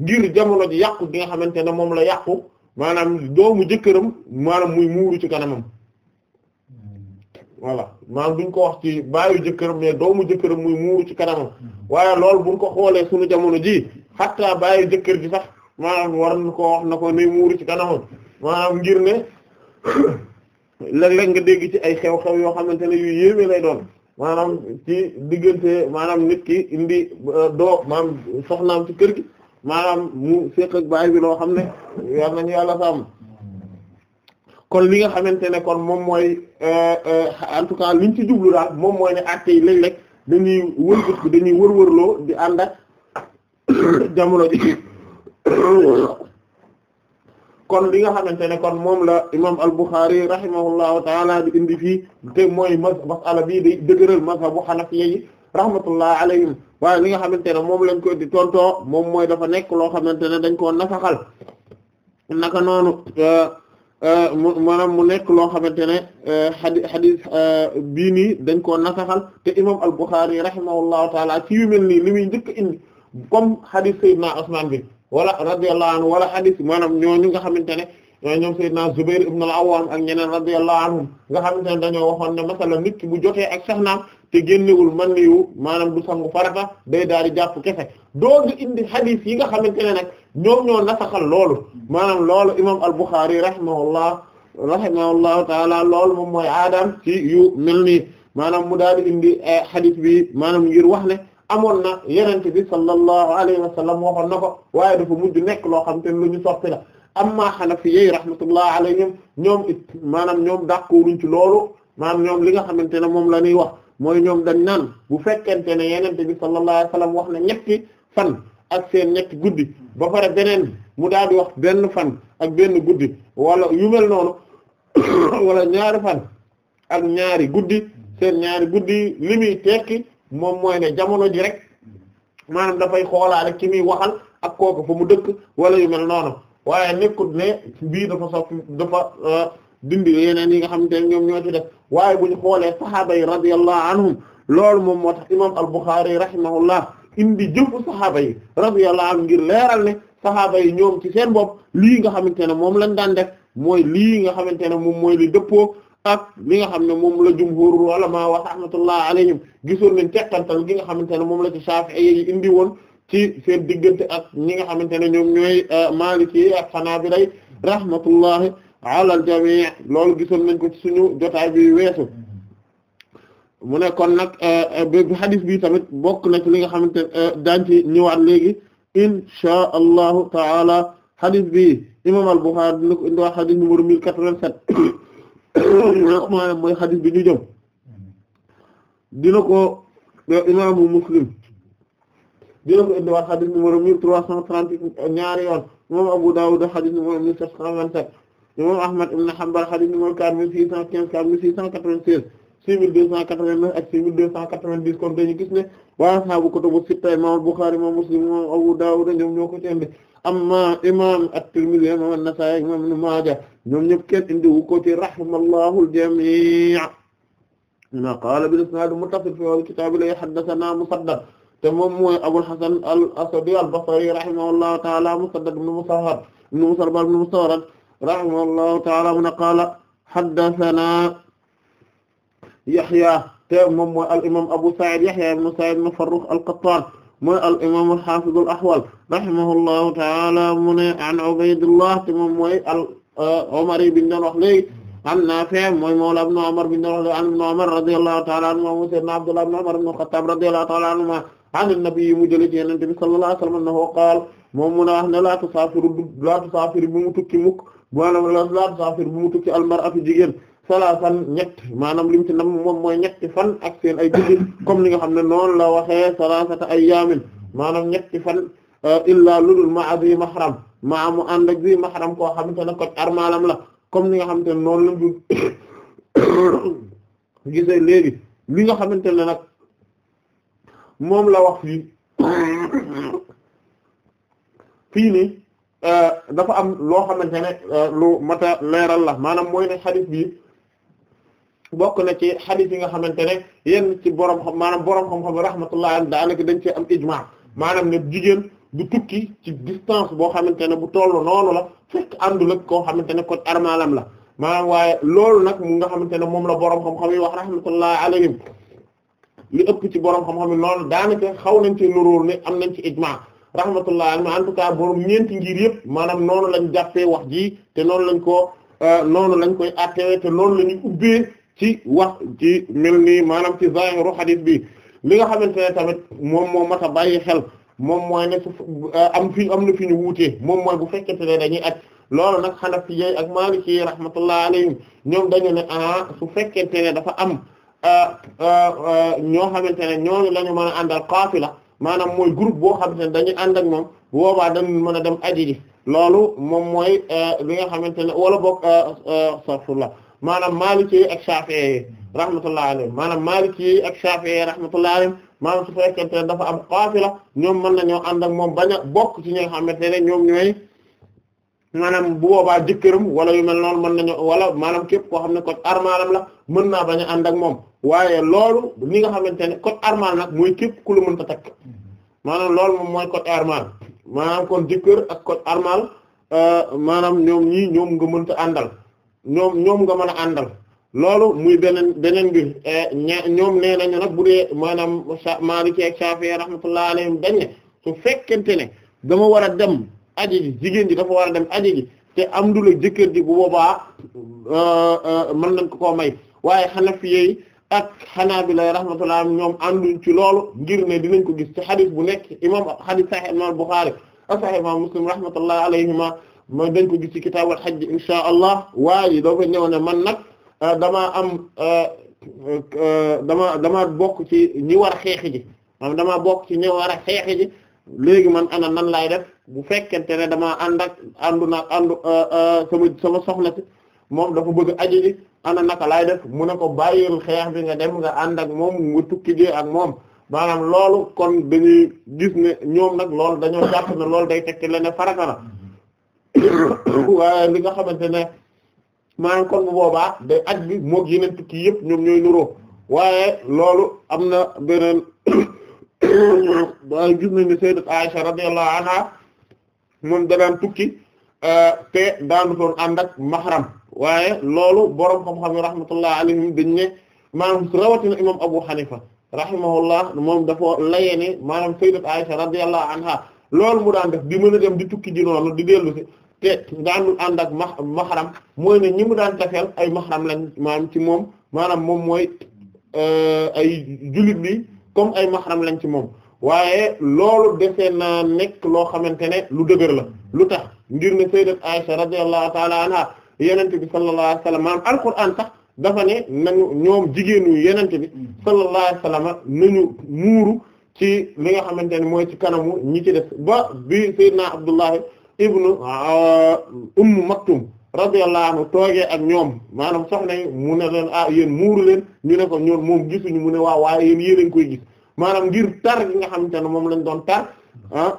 ngir jamono ji yàqu gi nga xamante ne moom la yàqu maanaam doomu jëkkëram maanaam muy muuru ci kanamam voilà maanaam duñ ko wax ci baayu jëkkëram mais doomu jëkkëram muy muuru ci kanamam waaye loolu buñ ko xoolee sunu jamono ji xatta baayu jëkkër ji sax maanaam war na ko wax na ko nuy muuru ci kanamam maanaam ngir ne léeg-léeg nga dégg ci ay xew-xew yoo xamante ne yu yéeme lay doon maanaam ci diggante maanaam nit ki indi euh, doo maanaam soxnaam ci kër gi maanaam mu seq baay bi loo xam ne yar nañu yàlla sàmm kon li nga xamante ne kon moom mooy euh, euh, en tout cas liñ ci jublu daal moom mooy ne actes yi léeg dañuy wëlbët bi dañuy wër-wërloo di ànd jamono ji kon li nga xamante ne kon moom la imam al-Bukhari rahimahullahu taala di indi fii te mooy masala bii di dëgëral mazhabu hanafiyya yi rahmatullah alayhim waaye li nga xamante ne moom lañ koy di tontoo moom mooy dafa nekk loo xamante ne dañ koo nasaxal naka noonu euh, euh, maanaam mu nekk loo xamante ne xadi euh, xadis bii nii dañ koo nasaxal te imam al-Bukhari rahimahullahu taala ci yu mel nii li muy njëkk indi comme xadis Seydina Usman bi wala radiyallahu anhu wala hadith maanaam ñooñu nga xamante ne ñoom Seydina Zubair ibn al-Awwam ak ñeneen radiyallahu anhum nga xamante ne dañoo waxoon ne masala nit ki bu jotee ak soxnaam te génnewul man niwu maanaam du sangu farata day daal di jàpp kese doog indi hadith yi nga xamante ne nag ñoom ñoo nasaxal lool maanaam loolu imam al-Bukhari rahimahullah rahimahullahu taala lool moom mooy aadam ci yu mel nii maanaam mu daal di indi eh, hadith bi maanaam ngir wax ne amoon na yenente bi sallallahu alayhi wa sallam waxoon na ko waaye dafa mujj nekk loo xam te lu ñu soppi la amma hanafiyyi rahmatullah alayhim ñoom it maanaam ñoom dàqoruñ ci loolu maanaam ñoom li nga xamante ne moom la ñuy wax mooy ñoom da naan bu fekkente ne yenente bi sallallahu alayhi wa sallam wax na ñetti fan ak seen ñetti guddi ba pare beneen mu daal di wax benn fan ak benn guddi wala yu mel noonu wala ñaari fan ak ñaari guddi seen ñaari guddi li muy tekki moom mooy ne jamono ji rek maanaam dafay xoolaale ki muy waxal ak kooku fa mu dëkk wala yu mel noonu waaye nekkut ne bii dafa soppi dafa euh, dindi yeneen yi nga xamante ne ñoom ñoo ci def waaye bu ñu xoolee sahaaba yi radiyallahu anhum loolu moom moo tax imam al-Bukhari rahimahullah indi jëfu sahaaba yi radiyallahu anhum ngir leeral ne saxaaba yi ñoom ci seen bopp lii nga xamante ne moom lañ daan def mooy lii nga xamante ne moom mooy li dëppoo ak li nga xam ne moom la jumhurul ulama wa rahmatullah alayhim gisoon nañ teqantal gi nga xamante ne moom la ci Shafi'i yi indi woon ci seen diggante ak ñi nga xamante ne ñoom ñooy euh, Maliki ak Hanabila rahmatullahi ala al jami' loolu gisoon nañ ko ci suñu jotaay bi weesu mu ne kon nag euh, bu hadis bi tamit bokk na ci li nga xamante euh, daañ ci ñëwaat léegi insha allahu taala hadis bi imam al Bukhari dina ko indi waa hadis numéro 1087 mooy xadis bi ñu jëm dina ko imaamu muslim dina ko indiwaat xadis numéro mille trois cent trente-huit ñaari moom Abu Dawud xadis numéro mille sept cent vingt-sept imam Ahmad ibn Hanbal xadis numéro quatre mille six cent quinze quatre mille six cent quatre-vingt-seize six mille deux cent quatre-vingt-neuf ak six mille deux cent quatre-vingt-dix kon gis ne wa ashaabu kutubu sitta imaam al-Bukhari imaam Muslim imaam Abu Dawud ñoom ñoo ko ci indi amma imaam at-Tirmidhi imaam an-Nasa'i imaam Ibn Maaja ñoom ñëpp kenn indi wu ko ci rahimallahu al-jamii' ma qaala bil-isnaad muttasil fil kitaab li haddathanaa Musaddad te moom mooy Abul Hasan al-Asadi al-Basri rahimahullahu ta'ala Musaddad ibn Musarhad ibn Musarbal ibn Musarhad rahimahullahu ta'ala mun qaala haddathanaa Yahya te moom mooy al imam Abu Sa'id Yahya ibn Sa'id ibn Farrukh al-Qattan mooy al imam al-Hafiz al-Ahwal rahimahullahu ta'ala mu ne an Ubaydullah te moom mooy al Umari uh, biñ doon wax léegi an Nafi' mooy mawla ibn Umar biñ doon wax léegi an ibn Umar radiyallahu ta'ala anhuma mu sayyidna Abdullah ibn Umar ibn al-Khattab radiyallahu ta'ala anhuma an an-nabi mu jële ci Yonent bi sallallahu alayhi wa sallam annahu qaala moom mu ne wax ne la tusaafiru la tusaafiru bu mu tukki mukk maanaam la tusaafiru bu mu tukki al-mar'atu jigéen salaasan ñett maanaam lim ci nam moom mooy ñetti fan ak seen ay guddi comme ni nga xam ne noonu la waxee ay ayyaamin maanaam ñetti fan euh, illa lu ma'a bi mahram maa mu ànd ak bi mahram koo xamante ne ko armalam la comme ni nga xamante ne noonu lañ du gisee léegi li nga xamante ne nag moom la wax fii fii nii euh, dafa am loo xamante ne euh, lu mata leeral la maanaam mooy ne xadis bi bokk na ci xadis yi nga xamante ne yenn ci borom xam maanaam borom xam-xam rahmatullah daanaka dañ ci am ijma maanaam ne jigéen du tukki ci distance boo xamante ne bu tollu noonu la fekk àndul koo xamante ne kon armalam la maanaam waaye loolu nag nga xamante ne moom la borom xam-xam yi wax rahmatullah alayhim li ëpp ci borom xam-xam yi noonu daanaka xaw nañ ci nuróol ne am nañ ci ijma rahmatullah alayhim en tout cas borom ñeenti ngir yëpp maanaam noonu lañ jàppee wax ji te noonu lañ ko euh, noonu lañ koy attewee te noonu la ñu ubbee ci wax ci mel nii maanaam ci zaahiru xadis bi li nga xamante ne tamit moom moo mat bàyyi xel moom mooy ne su euh, am fi am na fi ñu wuutee moom mooy bu fekkente ne dañuy aj loolu nag xanafi yi ak maaliki yi rahmatullah alayhim ñoom dañu ne ah su fekkente ne dafa am euh, euh, ñoo xamante ne ñoo la ñu mën a àndal qaafila maanaam mooy groupe boo xam ne dañuy ànd ak moom boobaa dañ mën a dem aji ji loolu moom mooy li nga xamante ne wala boog astaghfirullah maanaam Maliki yi ak Shafi'i rahmatullahi alayhim maanaam Maliki yi ak Shafi'i rahmatullahi alayhim maanaam su fekkente ne dafa am qaafila ñoom mën nañoo ànd ak moom bañ a bokk ci ñi nga xamante ne ñoom ñooy maanaam bu boobaa jëkkëram wala yu mel noonu mën nañu wala maanaam képp koo xam ne kot armalam la mën na bañ a ànd ak moom waaye loolu li nga xamante ne kot armal nag mooy képp ku la mën ta takk maanaam loolu moom mooy kot armal maanaam kon jëkkër ak kot armal euh, maanaam ñoom ñii ñoom nga mën mënta àndal ñoom ñoom nga mën a àndal loolu muy beneen beneen bi eh, ña ñoom nee nañu nag bu dee maanaam Maliki ak Shafi'i rahmatullahi alayhim dañ ne su fekkente ne dama war a dem aji ji jigéen ji dafa war a dem aji ji te am du la jëkkër ji bu boobaa eh, eh, mën nañ ko koo may waaye Hanafiyyi ak Hanabila rahmatullah ñoom ànduñ ci loolu ngir ne dinañ ko gis ci hadith bu nekk imam hadith Sahih imam Bukhari ak Sahih imam Muslim rahmatullahi alayhima mooy dañ ko gis ci kitaabul xaj bi insha allah waaye doo ko ñëw ne man nag euh, dama am euh, euh, dama dama bokk ci ñi war a xeexi ji bokk ci ñi war a léegi man ana nan laay def bu fekkente ne dama ànd ak àndu na àndu sama sama soxna si moom dafa bëgg aji ji ana naka laay def mu ne ko bàyyil xeex bi nga dem nga ànd ak moom nga tukki ak moom maanaam loolu kon dañuy gis ne ñoom nag loolu dañoo jàpp ne loolu day tekki leen farata la waaye li nga xamante ne maanaam kon bu boobaa de aj bi moog yeneen tukki yëpp ñoom ñooy nuroo waaye loolu am na beneen waaye gis nañ ne sayyidat Aisha radiyallahu anha moom tukki euh, te daanu doon ànd ak mahram waaye loolu borom xam-xam yi rahmatullah alayhim dañ ne maanaam rawatina imam Abu Hanifa rahimahullah moom dafa layee ne maanaam sayyidat Aisha radiyallahu anha loolu mu daan def di mën a dem di tukki ji noonu di dellu te daanul ànd ak ma maxaram mooy ne ñi mu daan tafeel ay maxaram lañ maanaam ci moom maanaam moom mooy euh, ay jullit bi comme ay maxaram lañ ci moom waaye loolu defe na nekk loo xamante ne lu dëgër la lu tax ngir ne sayyidat Aisha radiyallahu ta'ala anha yenente bi sallallahu alayhi wasallam maanaam alquran sax dafa ne nañu ñoom jigéenu yenente bi sallallahu alayhi wasallam nañu muuru ci li nga xamante ne mooy ci kanamu ñi ci def ba bi sayyidna Abdullahi ibnu ah, ah, ummu maktum radiyallahu anhu toogee ak ñoom maanaam soxna yi mu ne leen ah yéen muuru leen ñu ne ko ñoom moom gisuñu mu ne waaw waaye yéen yéen a ngi koy gis maanaam ngir tar gi nga xamante ne moom lañ doon tar ah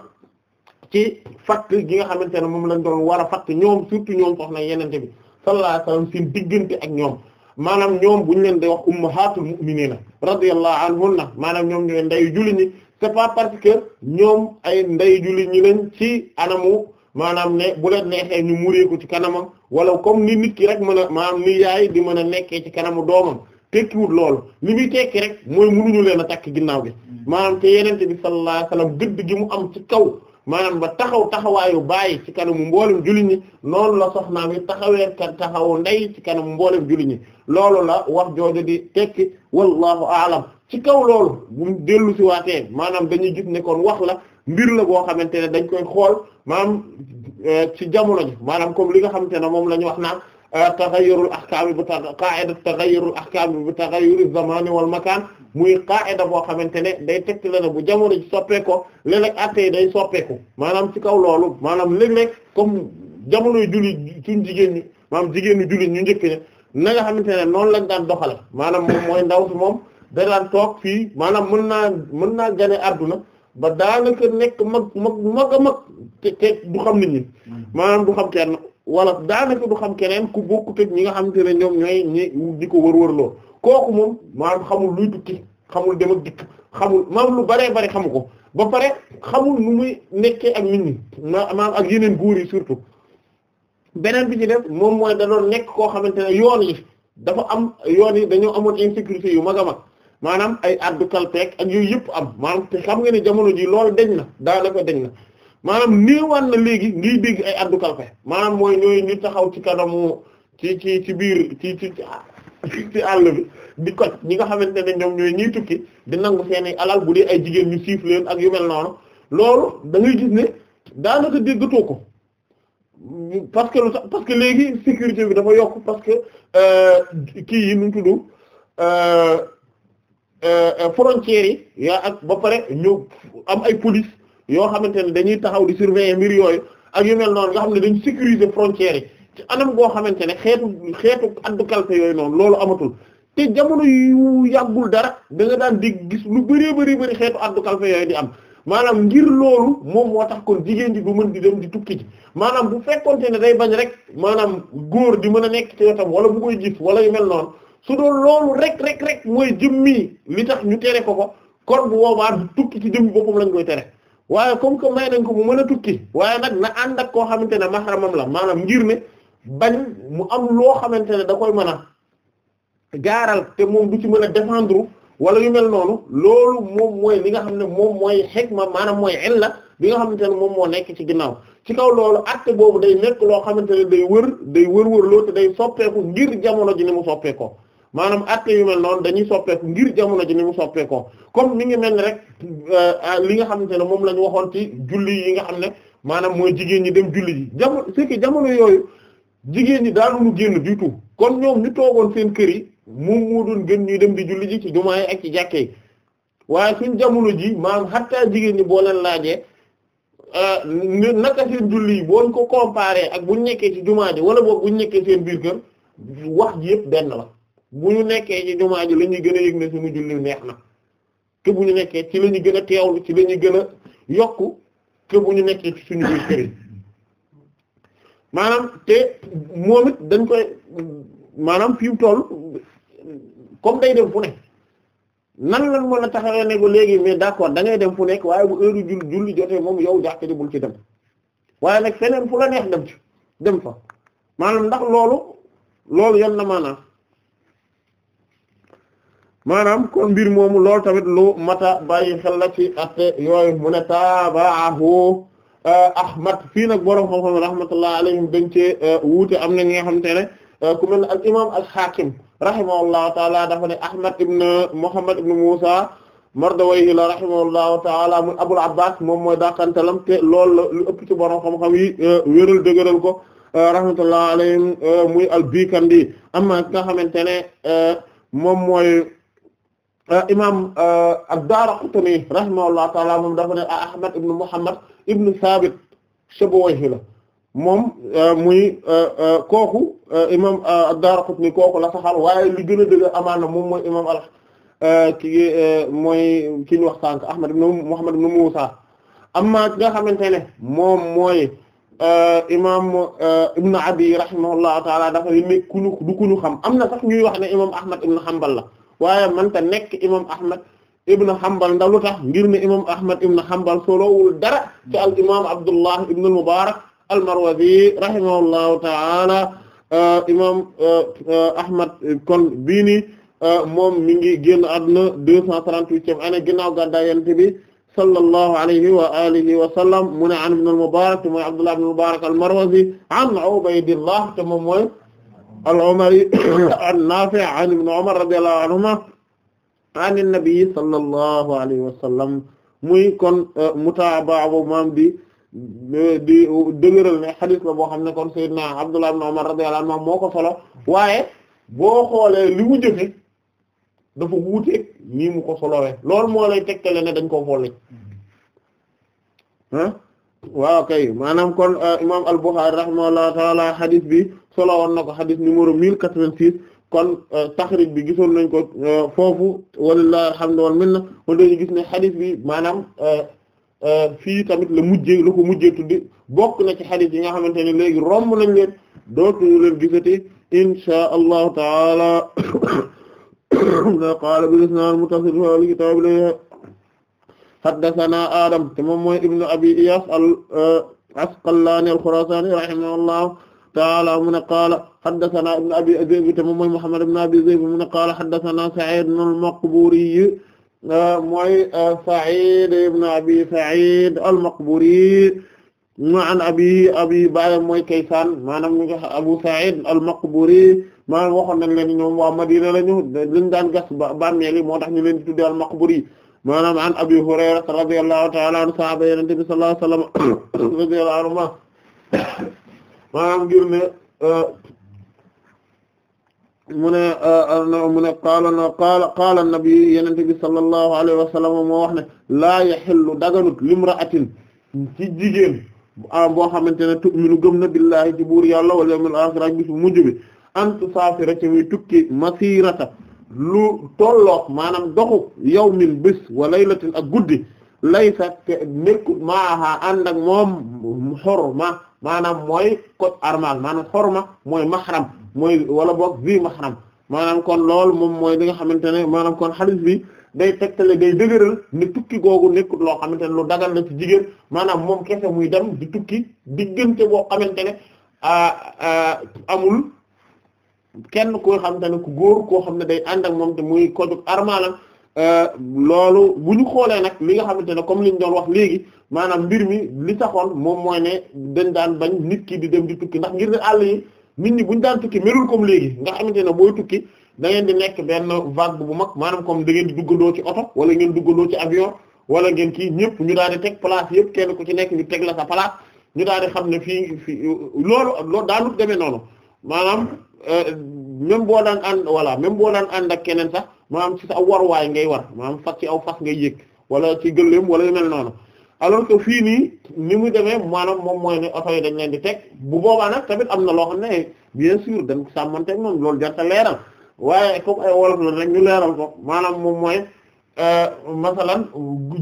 ci fatt gi nga xamante ne moom lañ doon war a fatt ñoom surtout ñoom soxna yenente bi sallallahu alayhi wasallam seen ak ñoom maanaam ñoom ñu leen de wax ummahatul mu'minina radiyallahu na maanaam ñoom ñooy ndeyu julli ñi c'est pas parce que ñoom ay ndeyu julli ñi ci anamu maanaam ne bu leen neexee ñu muree ko ci kanamam wala comme ni nit ki rek mën a maanaam ni yaay di mën a nekkee ci kanamu doomam tekkiwut lool li muy tekki rek mooy munuñu leen a takk ginnaaw gi mm. maanaam te yenente bi sallallahu alayhi wasallam gëdd gi mu am ci kaw maanaam ba taxaw taxawaayu bàyyi ci kanamu mboolem jullit ñi noonu la soxnaam yi taxawee taxaw ndey ci kanamu mboolem jullit ñi loolu la wax jooju di tekki wallahu aalam ci kaw loolu bu dellu si waatee maanaam dañuy gis ne kon wax la mbir la boo xamante ne dañ koy xool maanaam euh, ci jamono ji maanaam comme li nga xamante ne moom la ñu wax naan euh, taxayyurul ahkaam bi ta qaa'ida taxayyurul ahkaam bi taxayyuri zamani wal makaan muy da boo xamante ne day tegti la bu jamono ji soppeeko léeg-léeg atte yi day soppeeku maanaam ci kaw loolu maanaam léeg-léeg comme jamonoy julli suñ jigéen ñi maanaam jigéenu julli ñu njëkk ne na nga xamante ne noonu lañ daan doxale maanaam mooy ndaw si moom da daan toog fii maanaam mën naa mën naa gane adduna ba daanaka nekk mag mag mag a mag te te du xam nit ñi hmm. maanaam du xam kenn wala daanaka du xam keneen ku bokkut ak ñi nga xamante ne ñoom ñooy ñi di ko wër-wër lool kooku moom maanaam xamul luy tukki xamul dem dikk xamul maanaam lu baree bari xamu ko ba pare xamul nu muy nekkee ak nit ñi maanaam ak yeneen góor yi surtout beneen bi di def moom mooy da doon nekk koo xamante ne yoon yi dafa am yoon yi dañoo amoon insécurité yu mag a mag maanaam ay addu kalpeek ak yooyu yëpp am maanaam te xam nga ne jamono ji loolu deñ na daanaka deñ na maanaam néewaan na léegi ngay dégg ay addu kalpe maanaam mooy ñooy ñu taxaw ci kanamu ci ci ci biir ci ci ci àll bi di ko ñi nga xamante ne ñoom ñooy ñiy tukki di nangu seen alal bu dee ay jigéen ñu siif leen ak yu mel noonu loolu da ngay gis ne daanaka déggatoo ko parce que lu tax parce que léegi sécurité bi dafa yokk parce que euh, kii yi nu Euh, euh, frontières yi yaa ak ba pare ñëw am ay police yoo xamante ne dañuy taxaw di surveiller mbir yooyu ak yu noonu nga xam ne dañ sécuriser frontières yi ci anam goo xamante ne xeetu xeetu addu kalpe yooyu noonu loolu amatul jamono yu yàggul dara da nga daan di gis lu bëree bëri bëri xeetu addu kalpe di am maanaam ngir loolu moom moo tax kon jigéen ji du mën di dem di tukki ji maanaam bu fekkonte ne day bañ rek maanaam góor di mën a nekk ci wetam wala bu koy gis wala yu mel noonu su doon loolu rek rek rek mooy jëmmi li tax ñu tere ko ko kon bu boobaa tukki ci jëmmi boppam lañ koy tere waaye comme que may nañ ko mu mën a tukki waaye nag na ànd ak koo xamante ne mahramam la maanaam ngir ne bañ mu am loo xamante ne da mën a gaaral te moom du ci mën a défendre wala yu mel noonu loolu mooy li nga xam ne moom mooy xikma maanaam mooy illa bi nga xamante ne moom moo nekk ci ginnaaw ci kaw loolu acte boobu day nekk loo xamante ne day wër day wër-wër loo te day soppeeku ngir jamono ji ni mu soppeekoo maanaam atte yu mel noonu dañuy soppeeku ngir jamono ji ni mu soppeekoo comme mi ngi mel ni rek euh, li nga xamante ne moom lañu waxoon ci julli yi nga xam ne maanaam mooy jigéen ñi dem julli ji jamono c'est jamono yooyu jigéen ñi daanuñu génn du kon ñoom ñu toogoon seen kër yi moom moo doon dem di julli ji ci jumaa yi ak ci jàkkee yi waaye suñ jamono ji maanaam xattaa jigéen ñi boo leen laajee euh, naka seen julli yi boo ko comparé ak bu ñu nekkee ci jumaa ji wala boog bu ñu nekkee seen biir kër wax ji yëpp benn la. bu ñu nekkee ci jumaa ji la ñuy gën a yëg ne suñu julli neex na te bu ñu nekkee ci la gën a teewlu ci la ñu gën a yokk te bu ñu nekkee ci suñu biir kër maanaam te moom it dañ koy maanaam fi mu toll comme day dem fu nan lan mën a taxawee ne ko léegi mais d'accord da ngay dem fu nekk waaye bu heure jul julli jotee moom yow jàkkee bul ci dem waaye nag feneen fu la neex dem ci dem fa maanaam ndax loolu loolu yan na maanaam maanaam kon mbir moomu loolu tamit lu mata bàyyi xel la ci atte yooyu mu ne taabaahu eh, ahmad fii nag boroom xam-xam rahmatullah alayhim dañ cee eh, wuute am na ñi nga xamante ne eh, ku mel ne al imam al hakim rahimahullahu taala dafa ne ahmad ibn muhammad ibn musa mardawayhi la rahimahullahu taala muy abul abbas moom mooy daakantalam te loolu la lu ëpp ci boroom xam-xam yi wéral dëgëral ko rahmatullah alayhim muy al bikandi amma nga xamante ne moom mooy Euh, imam euh, ad-Daaraqutni rahimahullahu taala moom dafa ne ah, Ahmad ibn Muhammad ibn Saabit Shabuwayhi la moom euh, muy kooku imam ad-Daaraqutni kooku la saxal waaye li gën a dëgg amaana moom mooy imam al ki mooy ki ñu wax sànq Ahmad ibn Muhammad ibn Muusa amma ki nga xamante ne moom mooy imam ibn Abi rahimahullahu taala dafa ne ku ñu du ku ñu xam am na sax ñuy wax ne imam Ahmad ibn Hanbal la waaye manta nekk imam ahmad ibn Hanbal ndalu tax ngir ne imam ahmad ibn Hanbal solowul dara ci al imam abdullah ibn al mubarak al marwazi rahimahullahu ta'ala euh, imam euh, ahmad kon bii nii euh, moom mi ngi génn àdduna deux cent trente-huitième année ginnaaw gàddaay yonent bi sallallahu alayhi wa alihi wa sallam mu ne an ibn al mubarak te mooy abdullah ibn al mubarak al marwazi an ubaydillah te moom mooy al-Umari an Nafi' an ibn Umar radiyallahu anhuma an an-nabi sallallahu alayhi muy kon euh, mutaaba bu maam di di dëgëral ne xadis la boo xam ne kon Seydina Abdullah ibn Umar radiyallahu anhuma moo ko solo waaye boo xoolee li mu jëfe dafa wuuteeg nii mu ko solowee loolu moo lay tegtale ne dañ ko boole waaw kay maanaam kon euh, imam al-Bukhârî rahimahullahu taala bi solo woon na ko hadis numéro mille quatre-vingt-six kon euh, taxrij bi gisoon nañ ko euh, foofu walillahi alhamdu wal minna kon dañu gis ne hadis bi maanaam fii tamit la mujjee la ko mujjee tuddi bokk na ci hadis yi nga xamante ne léegi romb nañ leen dootuñu leen gisati inshaa allahu taala qaala bil isnaad muttasil fi al-kitaab haddathana Adam te moom mooy ibnu Abi Iyas al-Asqalani al-Khurasani rahimahullahu ta'ala mu ne qaala haddathana ibnu Abi Zayd te moom mooy Muhammad ibn Abi Zayd mu ne qaala haddathana Sa'id al-Maqburi mooy Sa'id ibn Abi Sa'id al-Maqburi an abi abi baye mooy Kaysan maanaam ñu ko Abu Sa'id al-Maqburi maanaam waxoon nañ leen ñoom waa Madina lañu liñ daan gas bàmmeel yi moo tax ñu leen di tudde al-Maqburi maanaam an abi hurayrata radiyallahu ta'ala anhu sahaba yonent bi sallallahu alayhi wa sallam radiyallahu anhuma maanaam ngir ne euh, mu ne euh, mu ne qaala na qaala nabi yonent bi sallallahu alayhi wa sallam moo wax ne laa yaxillu daganut limra'atin ci jigéen boo xamante ne tu'minu gëm na billahi ci buur yàlla wal yawmil aaxir ak bis bu mujj bi tukki masirata lu tolloog maanaam doxu yawmin bés wa laylatin ak guddi laysa nekkut ma ànd ak moom xorma maanaam mooy code armal maanaam ma mooy mahram mooy wala book vi mahram maanaam kon lool moom mooy li nga xamante ne maanaam kon xaalis bi day tegtale day dëgëral ne tukki googu nekkul loo xamante ne dagal la ci jigéen maanaam moom kese muy dem di tukki diggante boo xamante ne ah, ah, amul kenn koo xam te ne ku góor koo xam ne day ànd ak moom te muy kojug armalam euh, loolu bu ñu xoolee nag li nga xamante ne comme liñ doon wax léegi maanaam mbir mi li taxoon moom mooy ne dañ daan bañ nit ki di dem di tukki ndax ngir ne àll yi nit ñi buñ daan tukki melul comme léegi nga xamante ne booy tukki da ngeen di nekk benn vague bu mag maanaam comme da ngeen di duggandoo ci oto wala ngeen duggandoo ci avion wala ngeen kii ñëpp ñu daal di teg place yëpp kenn ku ci nekk ñu teg la sa place ñu daal di xam ne fii fii loolu loolu daanut demee noonu maanaam Euh, même boo daan ànd voilà même boo daan ànd ak keneen sax maanaam ci sa warwaay ngay war maanaam fas ci aw fas ngay yéeg wala ci gëléem wala yu mel noonu alors que fii nii ni mu demee maanaam moom mooy ne oto yi dañ leen di teg bu boobaa nag tamit am na loo xam ne bien sûr dañ ko loolu jarta leeral waaye comme ay wolof la rek ñu maanaam moom mooy euh, masalan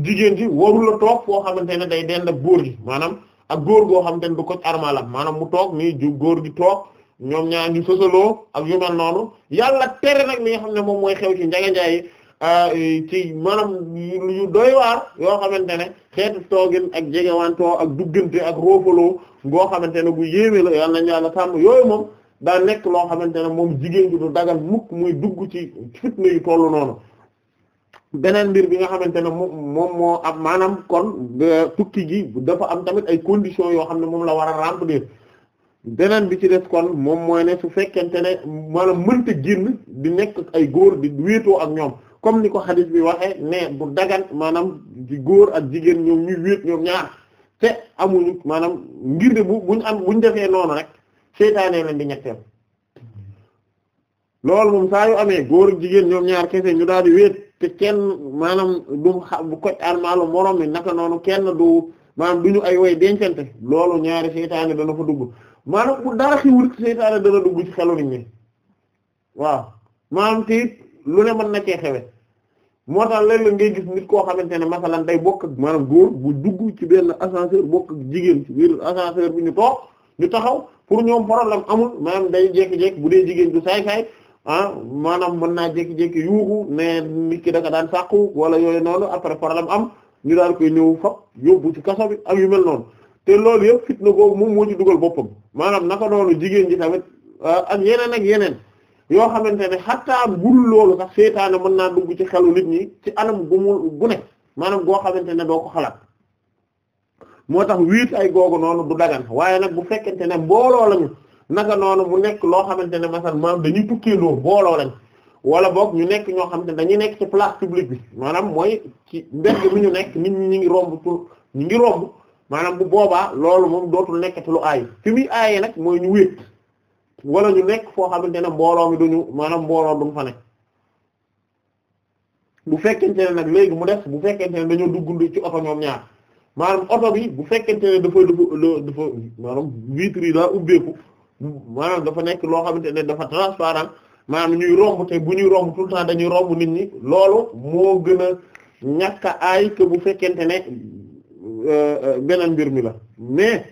jigéen ji warul la toog foo xamante ne day dend ak góor gi maanaam ak góor goo xamante ne bu ko armalam maanaam mu toog nii ju góor gi toog ñoom ñaa ngi fësaloo ak yu noonu yàlla tere nag li nga xam ne moom mooy xew ci njaganjaay yi ah, ci maanaam yu doy waar yoo xamante ne xeetu toogin ak jegewantoo ak duggante ak roofaloo ngoo xamante ne bu yéeme la yàlla nañu yàlla sàmm yooyu moom daa nekk loo xamante ne moom jigéen du dagal mukk muy dugg ci fitna yu tollu noonu beneen mbir bi nga xamante ne moom moo am maanaam kon euh, tukki gi dafa am tamit ay conditions yoo xam ne moom la war a remplir beneen bi ci des kon moom mooy ne su fekkente ne maanaam mënta génn di nekk ay góor di wéetoo ak ñoom comme ni ko xadis bi waxe ne bu dagan maanaam di góor ak jigéen ñoom ñuy wéet ñaar te amuñu maanaam ngir de bu buñ buñ defee noonu rek seytaane di ñetteel loolu moom saa yu amee góor jigéen ñoom ñaar kese ñu daal di wéet te kenn maanaam du xa bu koy armaalu moroom mi naka noonu kenn du maanaam du ñu ay way dencante loolu ñaari seytaane dana fa dugg maanaam bu dara xiwul seytaane dana dugg ci xelu nit ñi waaw maanaam te it lu ne mën na cee moo tax léeg-léeg ngay gis nit koo xamante ne masalan day bokk ak maanaam góor bu dugg ci benn ascenseur bokk ak jigéen ci biir ascenseur bi ñu toog ñu taxaw pour ñoom problème amul maanaam day jékki-jékki bu dee jigéen du saay-saay ah, maanaam mën naa jékki-jékki yuuxu ne nit ki da ka daan sàqu wala yooyu noonu après problème am ñu daal koy ñëw fap yóbbu ci kaso bi ak yu mel noonu te loolu yëpp fitna googu moom moo ci dugal boppam maanaam naka noonu jigéen ji tamit euh, ak yeneen ak yeneen yoo xamante ne xataa bul loolu sax seytaane mën naa dugg ci xelu nit ñi ci anam gu mu gu maanaam goo xamante ne doo ko xalaat moo tax wiit ay googu noonu du dagan waaye nag bu fekkente ne mbooloo lañu naka noonu mu nekk loo xamante ne masalan dañuy tukkeendoo mbooloo lañ wala boog ñu nekk ñoo xamante ne dañuy nekk ci place publique bi maanaam mooy ci mbedd mi ñu nekk nit ñi ñu ngi romb tur ñu ngi romb maanaam bu boobaa loolu moom dootul nekkati lu aay fi muy aayee nag mooy ñu wéet wala ñu nekk foo xamante ne mbooloo mi ñu maanaam mbooloo duñ fa nekk bu fekkente ne nag léegi mu def bu fekkente ne dañoo dugg ci oto ñoom ñaar maanaam oto bi bu fekkente ne dafa dafa dafa maanaam vitre yi daa ubbeeku maanaam dafa nekk loo xamante ne dafa transparent maanaam ñuy romb te bu ñuy romb tout dañuy romb nit ñi loolu moo gën a ñàkk a aay que bu fekkente ne. Euh, euh, beneen mbir mi la mais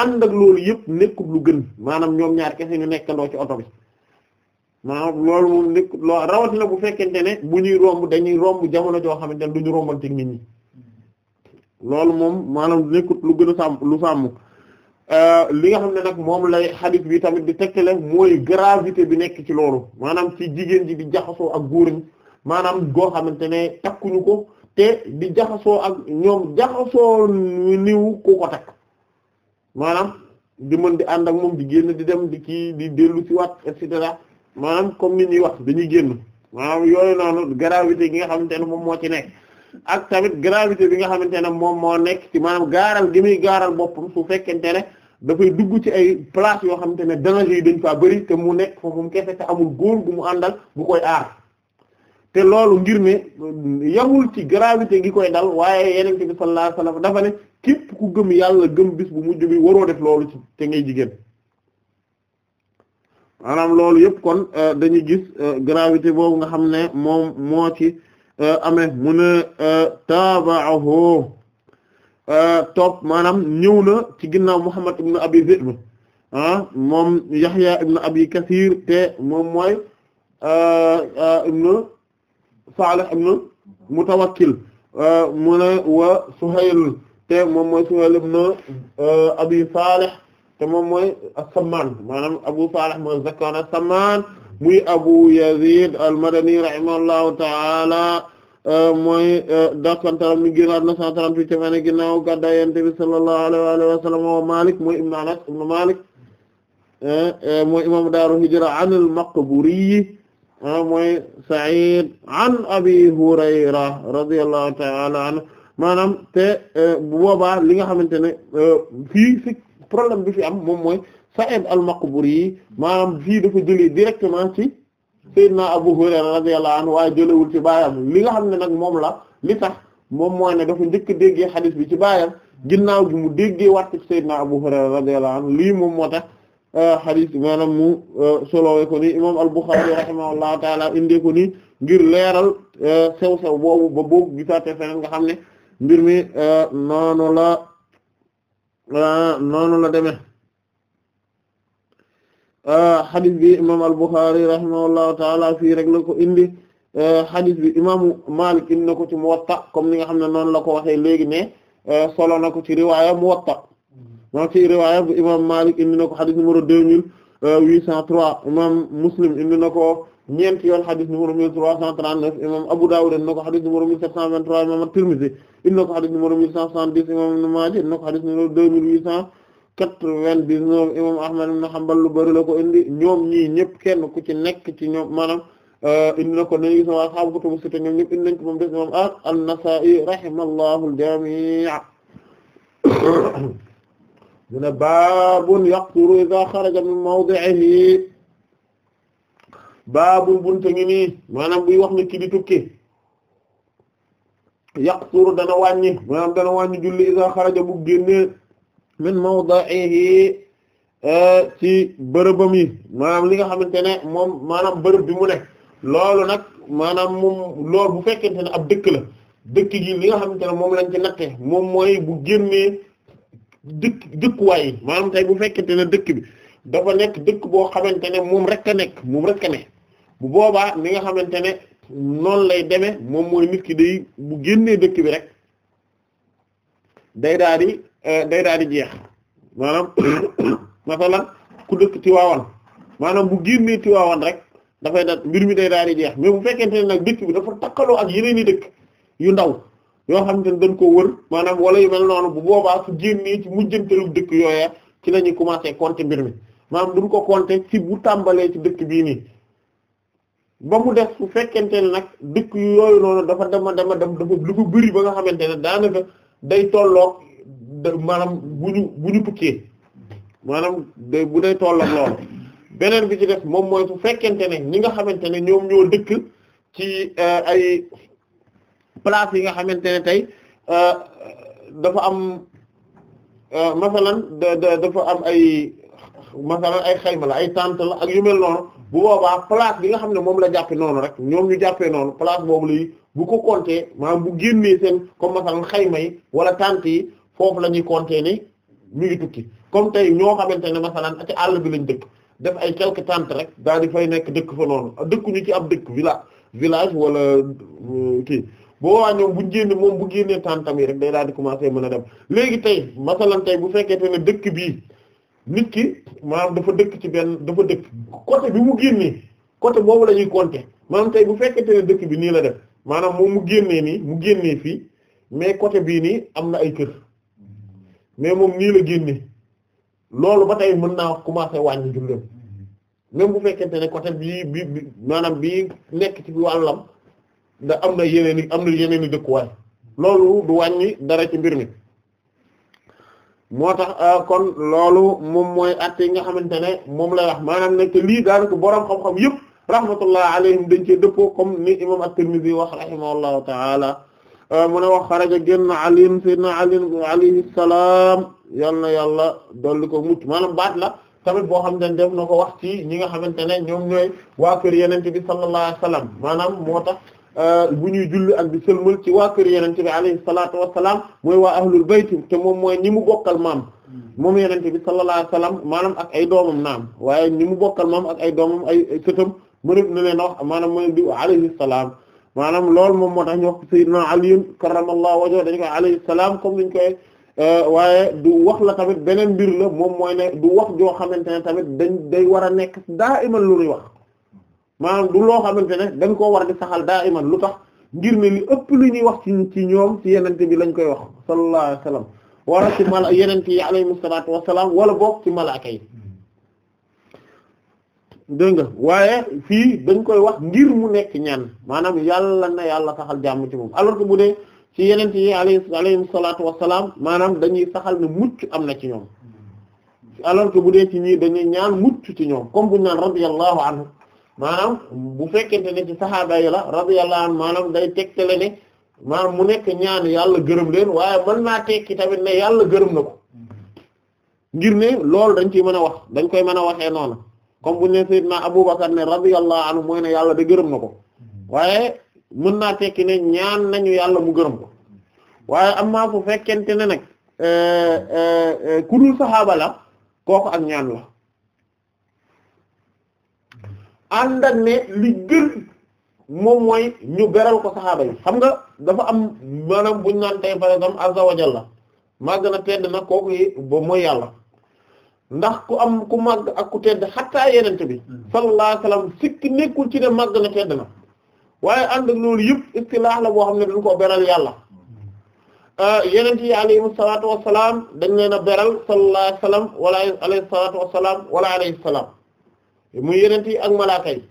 ànd loolu yëpp nekkul lu gën maanaam ñoom ñaar kese ñu nekkandoo ci oto bi maanaam loolu moom nekkul rawat na bu fekkente ne bu ñuy romb dañuy romb jamono joo xamante ne du ñu rombanteeg ñi loolu moom maanaam nekkul lu gën a sàmm lu sàmm. Euh, li nga xam ne nag moom lay hadith bi tamit di tegtale mooy gravité bi nekk ci loolu maanaam ci jigéen ji di jaxasoo ak góor maanaam goo xamante ne takkuñu ko te di jaxasoo ak ñoom jaxasoo niw ku ko maanaam di mën di ànd ak moom di génn di dem di kii di dellu ci waat et cetera maanaam comme nit ñuy wax dañuy génn maanaam yooyu noonu gravité gi nga xamante ne moom moo ci nekk ak tamit gravité bi nga xamante ne moom moo nekk ci maanaam gaaral gi muy gaaral boppam su fekkente ne dafay dugg ci ay place yoo xamante ne danger yi dañ faa bari te mu nekk foofu moom kese te amul góor gu mu àndal bu koy aar te loolu ngir ne yamul ci gravité gi koy dal waaye yeneen bi sallallahu dafa ne képp ku gëm yàlla gëm bis mu mujj bi waroo def loolu ci te ngay jigéen maanaam loolu yëpp kon euh, dañuy gis euh, gravité boobu nga xam ne moom moo ci euh, amee mu ne topp maanaam ñëw na ci ginnaaw Muhammad ibn Abi Zi'b ah, moom Yahya ibn Abi Kathir te moom mooy ibn Salih ibn Mutawakkil euh, mu ne wa Suhayl te moom mooy Suhayl ibn euh, Abi Salih te moom mooy as-Samman maanaam Abu Salih mooy Zakwan as-Samman muy Abu Yazid al-Madani rahimahullahu ta'ala euh, mooy dakantaram mi génnaat na cent trente-huit am ane ginnaaw gàddaay Yonent bi sallallahu alayhi wa sallam wa Malik mooy ibn Anas ibn Malik mooy imam daaru hijra an al-Maqburi Ah, mooy Sa'id an Abi Hurayra radiyallahu ta'ala anhu maanaam te eh, bu boobaa li nga xamante ne eh, fii si problème bi fi am moom mooy Sa'id al-Maqburi yi maanaam fii dafa jëlee directement ci Seydina Abu Hurayra radiyallahu anhu waaye jëlewul ci baayam li nga xam ne nag moom la li tax moom mooy ne dafa njëkk dégge xadiis bi ci baayam ginnaaw gi mu déggee waat ci Seydina Abu Hurayra radiyallahu anhu lii moom moo tax xadis euh, maanaam mu euh, solowee ko ni imam al-Bukhârî taala indee ko ni ngir leeral euh, sew-sew boobu ba boobu gisaate feneen nga xam ne mbir mi noonu la noonu la demee xadis bi imam al-Bukhârî rahimahullahu taala fii rek la ko indi xadis bi imaamu Maalik indi na ko ci mu Muwatta comme ni nga xam ne noonu la ko waxee léegi ne solo na ko ci riwaaya Muwatta moom ci riwaaya bu imam Malik indi na ko xadis numéro deux mille euh, huit cent trois imam Muslim indi na ko ñeenti yoon xadis numéro mille trois cent trente neuf imam Abu Dawud indi na ko xadis numéro mille sept cent vingt trois imam indi na xadis numéro mille cent indi na xadis numéro deux mille huit cent quatre-vingt-dix-neuf imam Ahmad ibn Hanbal lu bari la ko indi ñoom ñii ñëpp kenn ku ci nekk ci ñoom maanaam euh, indi na ko nañu gis waa ashaabu kutubu sitta ñoom ñëpp indi nañ ko moom des imam An-Nasa'i al mu ne baabun yaqturu idha xaraja min mawdi'ihi baabun bunte ngi nii maanaam buy wax ni ki di tukki yaqturu dana wàññi maanaam dana wàññi julli idha xaraja bu génnee min mawdi'ihi eh, ci bërëbam mi maanaam li nga xamante ne moom maanaam bërëb bi mu ne loolu nag maanaam moom loolu bu fekkente ne ab dëkk la dëkk gi li nga xamante ne moom lañ ci natte moom mooy bu génnee dëkk dëkkuwaay yi maanaam tey bu fekkente ne dëkk bi dafa nekk dëkk boo xamante ne moom rek a nekk moom rek a ne bu boobaa ni nga xamante ne noonu lay deme moom mooy nit ki day bu génnee dëkk bi rek day daadi euh, day daal di jeex maanaam masalan ku dëkk Tiwaawan maanaam bu génnee Tiwaawan rek dafay da mbir mi day daal di jeex mais bu fekkente ne nag dëkk bi dafa takkaloo ak yeneen i dëkk yu ndaw yoo xam ne dañ ko wër maanaam wala yu mel noonu bu boobaa su génnee ci mujjanteelu dëkk yooya ci la ñuy commencé compter mbir mi maanaam duñ ko compter ci bu tàmbalee ci dëkk bii nii mu def su fekkente ne nag dëkk yooyu noonu dafa dama dama dafa lu ko bëri ba nga xamante ne daanaka day tolloog maanaam bu ñu bu ñu tukkee maanaam day bu day tolloog loolu beneen bi ci def moom mooy su fekkente ne ñi nga xamante ne ñoom ñoo dëkk ci euh, ay. place yi nga xamante ne tey euh, dafa am euh, masalan dafa am ay masalan ay xayma la ay tente la ak yu mel noonu bu boobaa place bi nga xam ne moom la jàppe noonu rek ñoom ñu jàppee noonu place boobu lay bu ko compter maanaam bu génnee seen comme masalan xayma yi wala tente yi foofu la ñuy compter ni mi tukki comme tey ñoo xamante ne masalan ci àll bi lañ dëkk def ay quelques tentes rek daal di fay nekk dëkk fa noonu a dëkkuñu ci ab dëkk villa village wala euh, kii boo ñoom bu génne moom bu génnee tàntam yi rek day daal di commencer mën a dem léegi tey masalan tey bu te ne dëkk bii nit ki maanaam dafa dëkk ci benn dafa dëkk côté bi mu génnee côté boobu la ñuy compter maanaam tey bu te ne dëkk bi nii la def maanaam moom mu génnee nii mu génnee fii mais côté bii nii am na ay kër mais moom nii la génnee loolu ba tey mën naa commencer wàññi julleem même bu fekkente ne côté bii bii bi maanaam bii nekk ci wàllam ndax am na yeneen i am na yeneen i dëkkuwaay loolu du wàññi dara ci mbir mi moo tax euh, kon loolu moom mooy at yi nga xamante ne moom lay wax maanaam ne te lii daanaka borom xam-xam yëpp rahmatullah alayhim dañ cee dëppoo comme ni imam wax tirmidhi wax rahimahullahu ta'ala euh, mu ne wax xaraja génn Ali sayyidina Ali alayhi salaam yal na yàlla dolli ko mucc maanaam baat la tamit boo xam ne def na ko wax ci ñi nga xamante ne ñoom ñoy waa kër yenente bi sallallahu alayhi wasallam Euh, bu ñuy julli ak di sëlmal ci waa kër yenente bi alayhi salaatu wassalaam mooy waa ahlul bayt te moom mooy ñi mu bokkal maam hmm. moom yenente bi sallallahu alayhi wasallam maanaam ak ay doomam naam waaye ñi mu bokkal maam ak ay doomam ay sëtam mëneb na leen wax maanaam mooy di alayhi salaam maanaam loolu moom moo tax ñu wax sayyidina Ali karramallahu wajhahu dañu koy alayhi salaam comme niñ koy euh, waaye du wax la tamit beneen mbir la moom mooy ne du wax joo xamante ne tamit dañ day war a nekk daa imal lu ñuy wax maanaam du loo xamante ne dañ koo war di saxal daa iman lu tax ngir ne li ëpp li ñuy wax ci ci ñoom ci yenente bi lañ koy wax sallallahu alayhi wasallam wala ci mala yenente yi alayhimu salaatu wassalaam wala bokk ci malaaka yi dégg waaye fii dañ koy wax ngir mu nekk ñaan maanaam yàlla na yàlla saxal jàmm ci moom alors que bu dee ci yeneen yi alayhi alayhim salaatu wassalaam maanaam dañuy saxal ne mucc am na ci ñoom alors que dee ci ñii dañuy ñaan mucc ci ñoom comme buñu naan radiyallahu anhu maanaam bu fekkente ne ci saxaaba yi la radiyallahu anhu maanaam day tegtale ne maanaam mu nekk ñaan yàlla gërëm leen waaye mën naa tekki tamit ne yàlla gërëm na ko ngir ne loolu dañ ciy mën a wax dañ koy mën a waxee noonu comme bu ne Seydina Abubakar ne radiyallahu anhu mooy ne yàlla de gërëm na ko waaye mën naa tekki ne ñaan nañu yàlla mu gërëm ko waaye amaa fu fekkente ne nag eh, eh, eh, ku saxaaba la kooku ak ñaan la ànd ak ne li gën moom mooy ñu beral ko saxaaba yi xam nga dafa am maanaam buñ naan tey par exemple azza la jalla màgg na tedd na kooku yi ba mooy yàlla ndax ku am ku màgg ak ku tedd xattaa yenente bi sallallahu alayhi wasallam ci ne màgg na tedd na waaye ànd ak yëpp istilaax la boo xam ne dañ koo beral yàlla euh, yeneen yi alayhim salaatu wassalaam dañ leen a beral sallallahu alayhi wasallam wala alayhi salaatu salaam muy yenent yi ak malaaka yi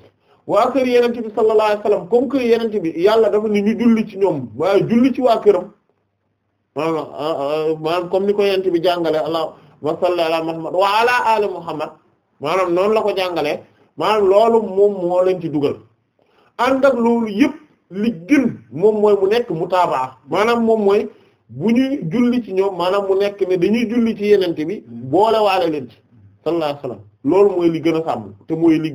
waa kër yenent bi sallallahu alayhi wasallam comme que yenent bi yàlla dafa ni ñu julli ci ñoom waaye julli ci waa këram maanaam ah, ah, maanaam comme ni ko yenent bi jàngale allahumma salli ala muhammad wa ala ali muhammad maanaam noonu la ko jàngalee maanaam loolu moom moo leen ci dugal ànd ak loolu yëpp li gën moom mooy mu nekk mutaabaa maanaam moom mooy bu ñuy julli ci ñoom maanaam mu nekk ne dañuy julli ci yenente bi boole waale leen ci sallallahu loolu mooy li gën a sàmm te mooy li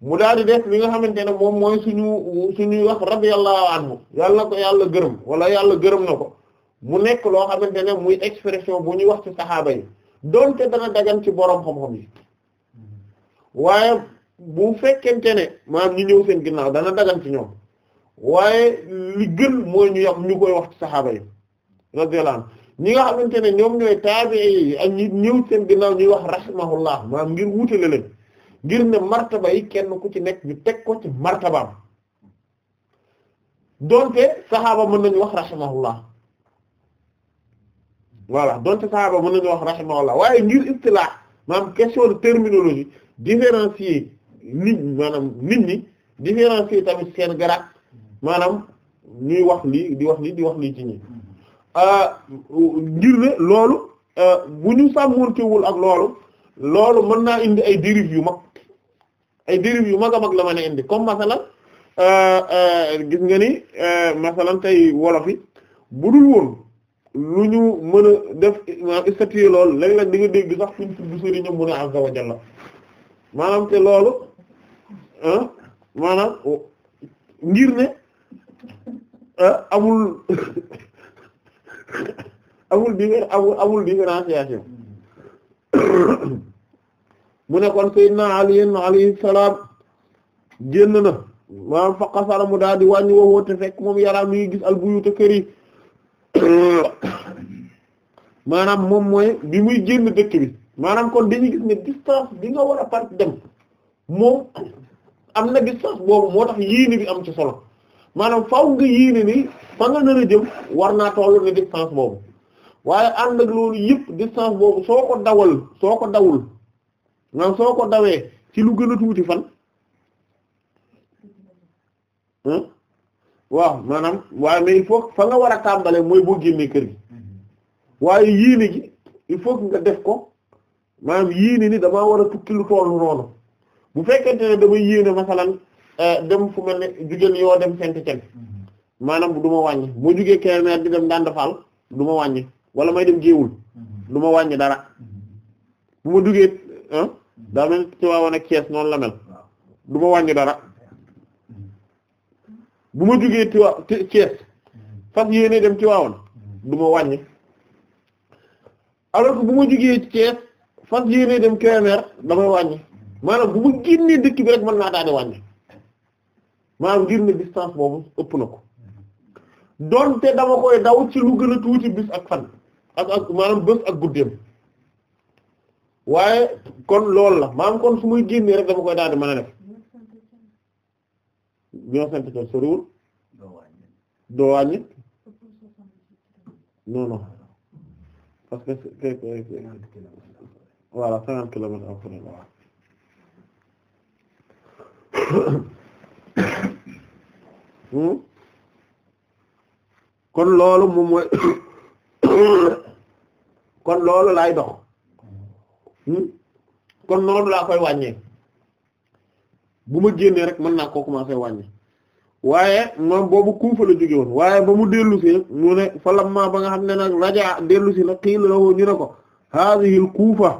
mu daal di def li nga xamante ne moom mooy suñu suñuy wax radiyallahu anhu yàlla ko yàlla gërëm wala yàlla gërëm na ko mu nekk loo xamante ne muy expression bu ñuy wax ci saxaaba yi donte dana dagan ci boroom xam-xam yi waaye bu fekkente ne maanaam ñu ñëw seen ginnaaw dana dagan ci ñoom waaye li gën mooy ñu yàq ñu koy wax ci saxaaba yi radiyallahu anhu ñi nga xamante ne ñoom ñooy taabii yi ak ñi ñëw seen ginnaaw ñuy wax rahimahullah maanaam ngir wutale leen ngir ne martaba yi kenn ku ci nekk ñu teg ko ci martabaam donte saxaaba mën nañu wax rahimahullah voilà donte saxaaba mën nañu wax rahimahullah waaye ngir istilah maanaam question de terminologie différencier nit maanaam nit ñi différencier tamit seen garaat maanaam ñuy wax lii di wax lii di wax lii ci ñi Euh, ngir ne loolu euh, bu ñu sàmmontewul ak loolu loolu mën naa indi ay dérives yu mag ay dérives yu mag a mag la ma ne indi comme masalan euh, gis nga ni masalan tey wolof yi bu dul woon lu ñu mën a def maanaam statuer loolu léeg-léeg di nga dégg sax fuñ tudd sëriñam mu ne azza wa maanaam te loolu maanaam ngir ne amul amul diver amul amul différenciation mu ne kon Seydina Ali alayhi salaam génn na maanaam faqasara mu daal di wàññi woo te fekk moom yaram mi gis albuyuta kër yi maanaam moom mooy bi muy génn dëkk bi maanaam kon dañuy gis ne distance bi nga war a part dem moom am na distance boobu moo tax yéene bi am ci maanaam faw nga yéene ni fa nga nar a jëm war naa toll ne distance boobu waaye ànd ak loolu yëpp distance boobu soo ko dawal soo ko dawul maanaam soo ko dawee ci lu gën a tuuti fan waaw maanaam waaye mais il faut fa nga war a tàmbalee mooy boo génnee kër gi waaye yéene gi il faut nga def ko maanaam yéene ni damaa war a tukki lu toll noonu bu fekkente ne damay yéene masalan Eh, dem fu mel ne jugee Lyon dem Saint-Étienne maanaam du ma wàññi boo jugee Kébémer di dem Ndande Fall du ma wàññi wala may dem géewul du ma wàññi dara bu ma duggee ah daa mel ci la mel ma wàññi dara bu ma jugee Tiwa Thiès fas yéene dem ci waawoon du ma wàññi alors que bu ma jugee Thiès fas yéene dem Kébémer damay wàññi maanaam bu ma génnee dëkk bi rek mën naa daal di wàññi. maanaam ngir ne distance boobu ëpp na ko donte dama koy daw ci lu gën a tuuti bis ak fan ak ak maanaam bés ak guddeem waaye kon loolu la maanaam kon su muy génnee rek dama koy daal di mën def ñoo sant ko doo wàññi non non parce que voilà cinquante kilomètres après Hmm? kon loolu moom mooy kon loolu laay dox hmm? kon noonu laa koy wàññee bu ma génnee rek mën naa koo commencé wàññi waaye moom boobu kuufa la jóge woon waaye ba mu dellu si mu ne ba nga xam ne nag raja dellu si nag xiila lawoo ñu ne ko haadihil kuufa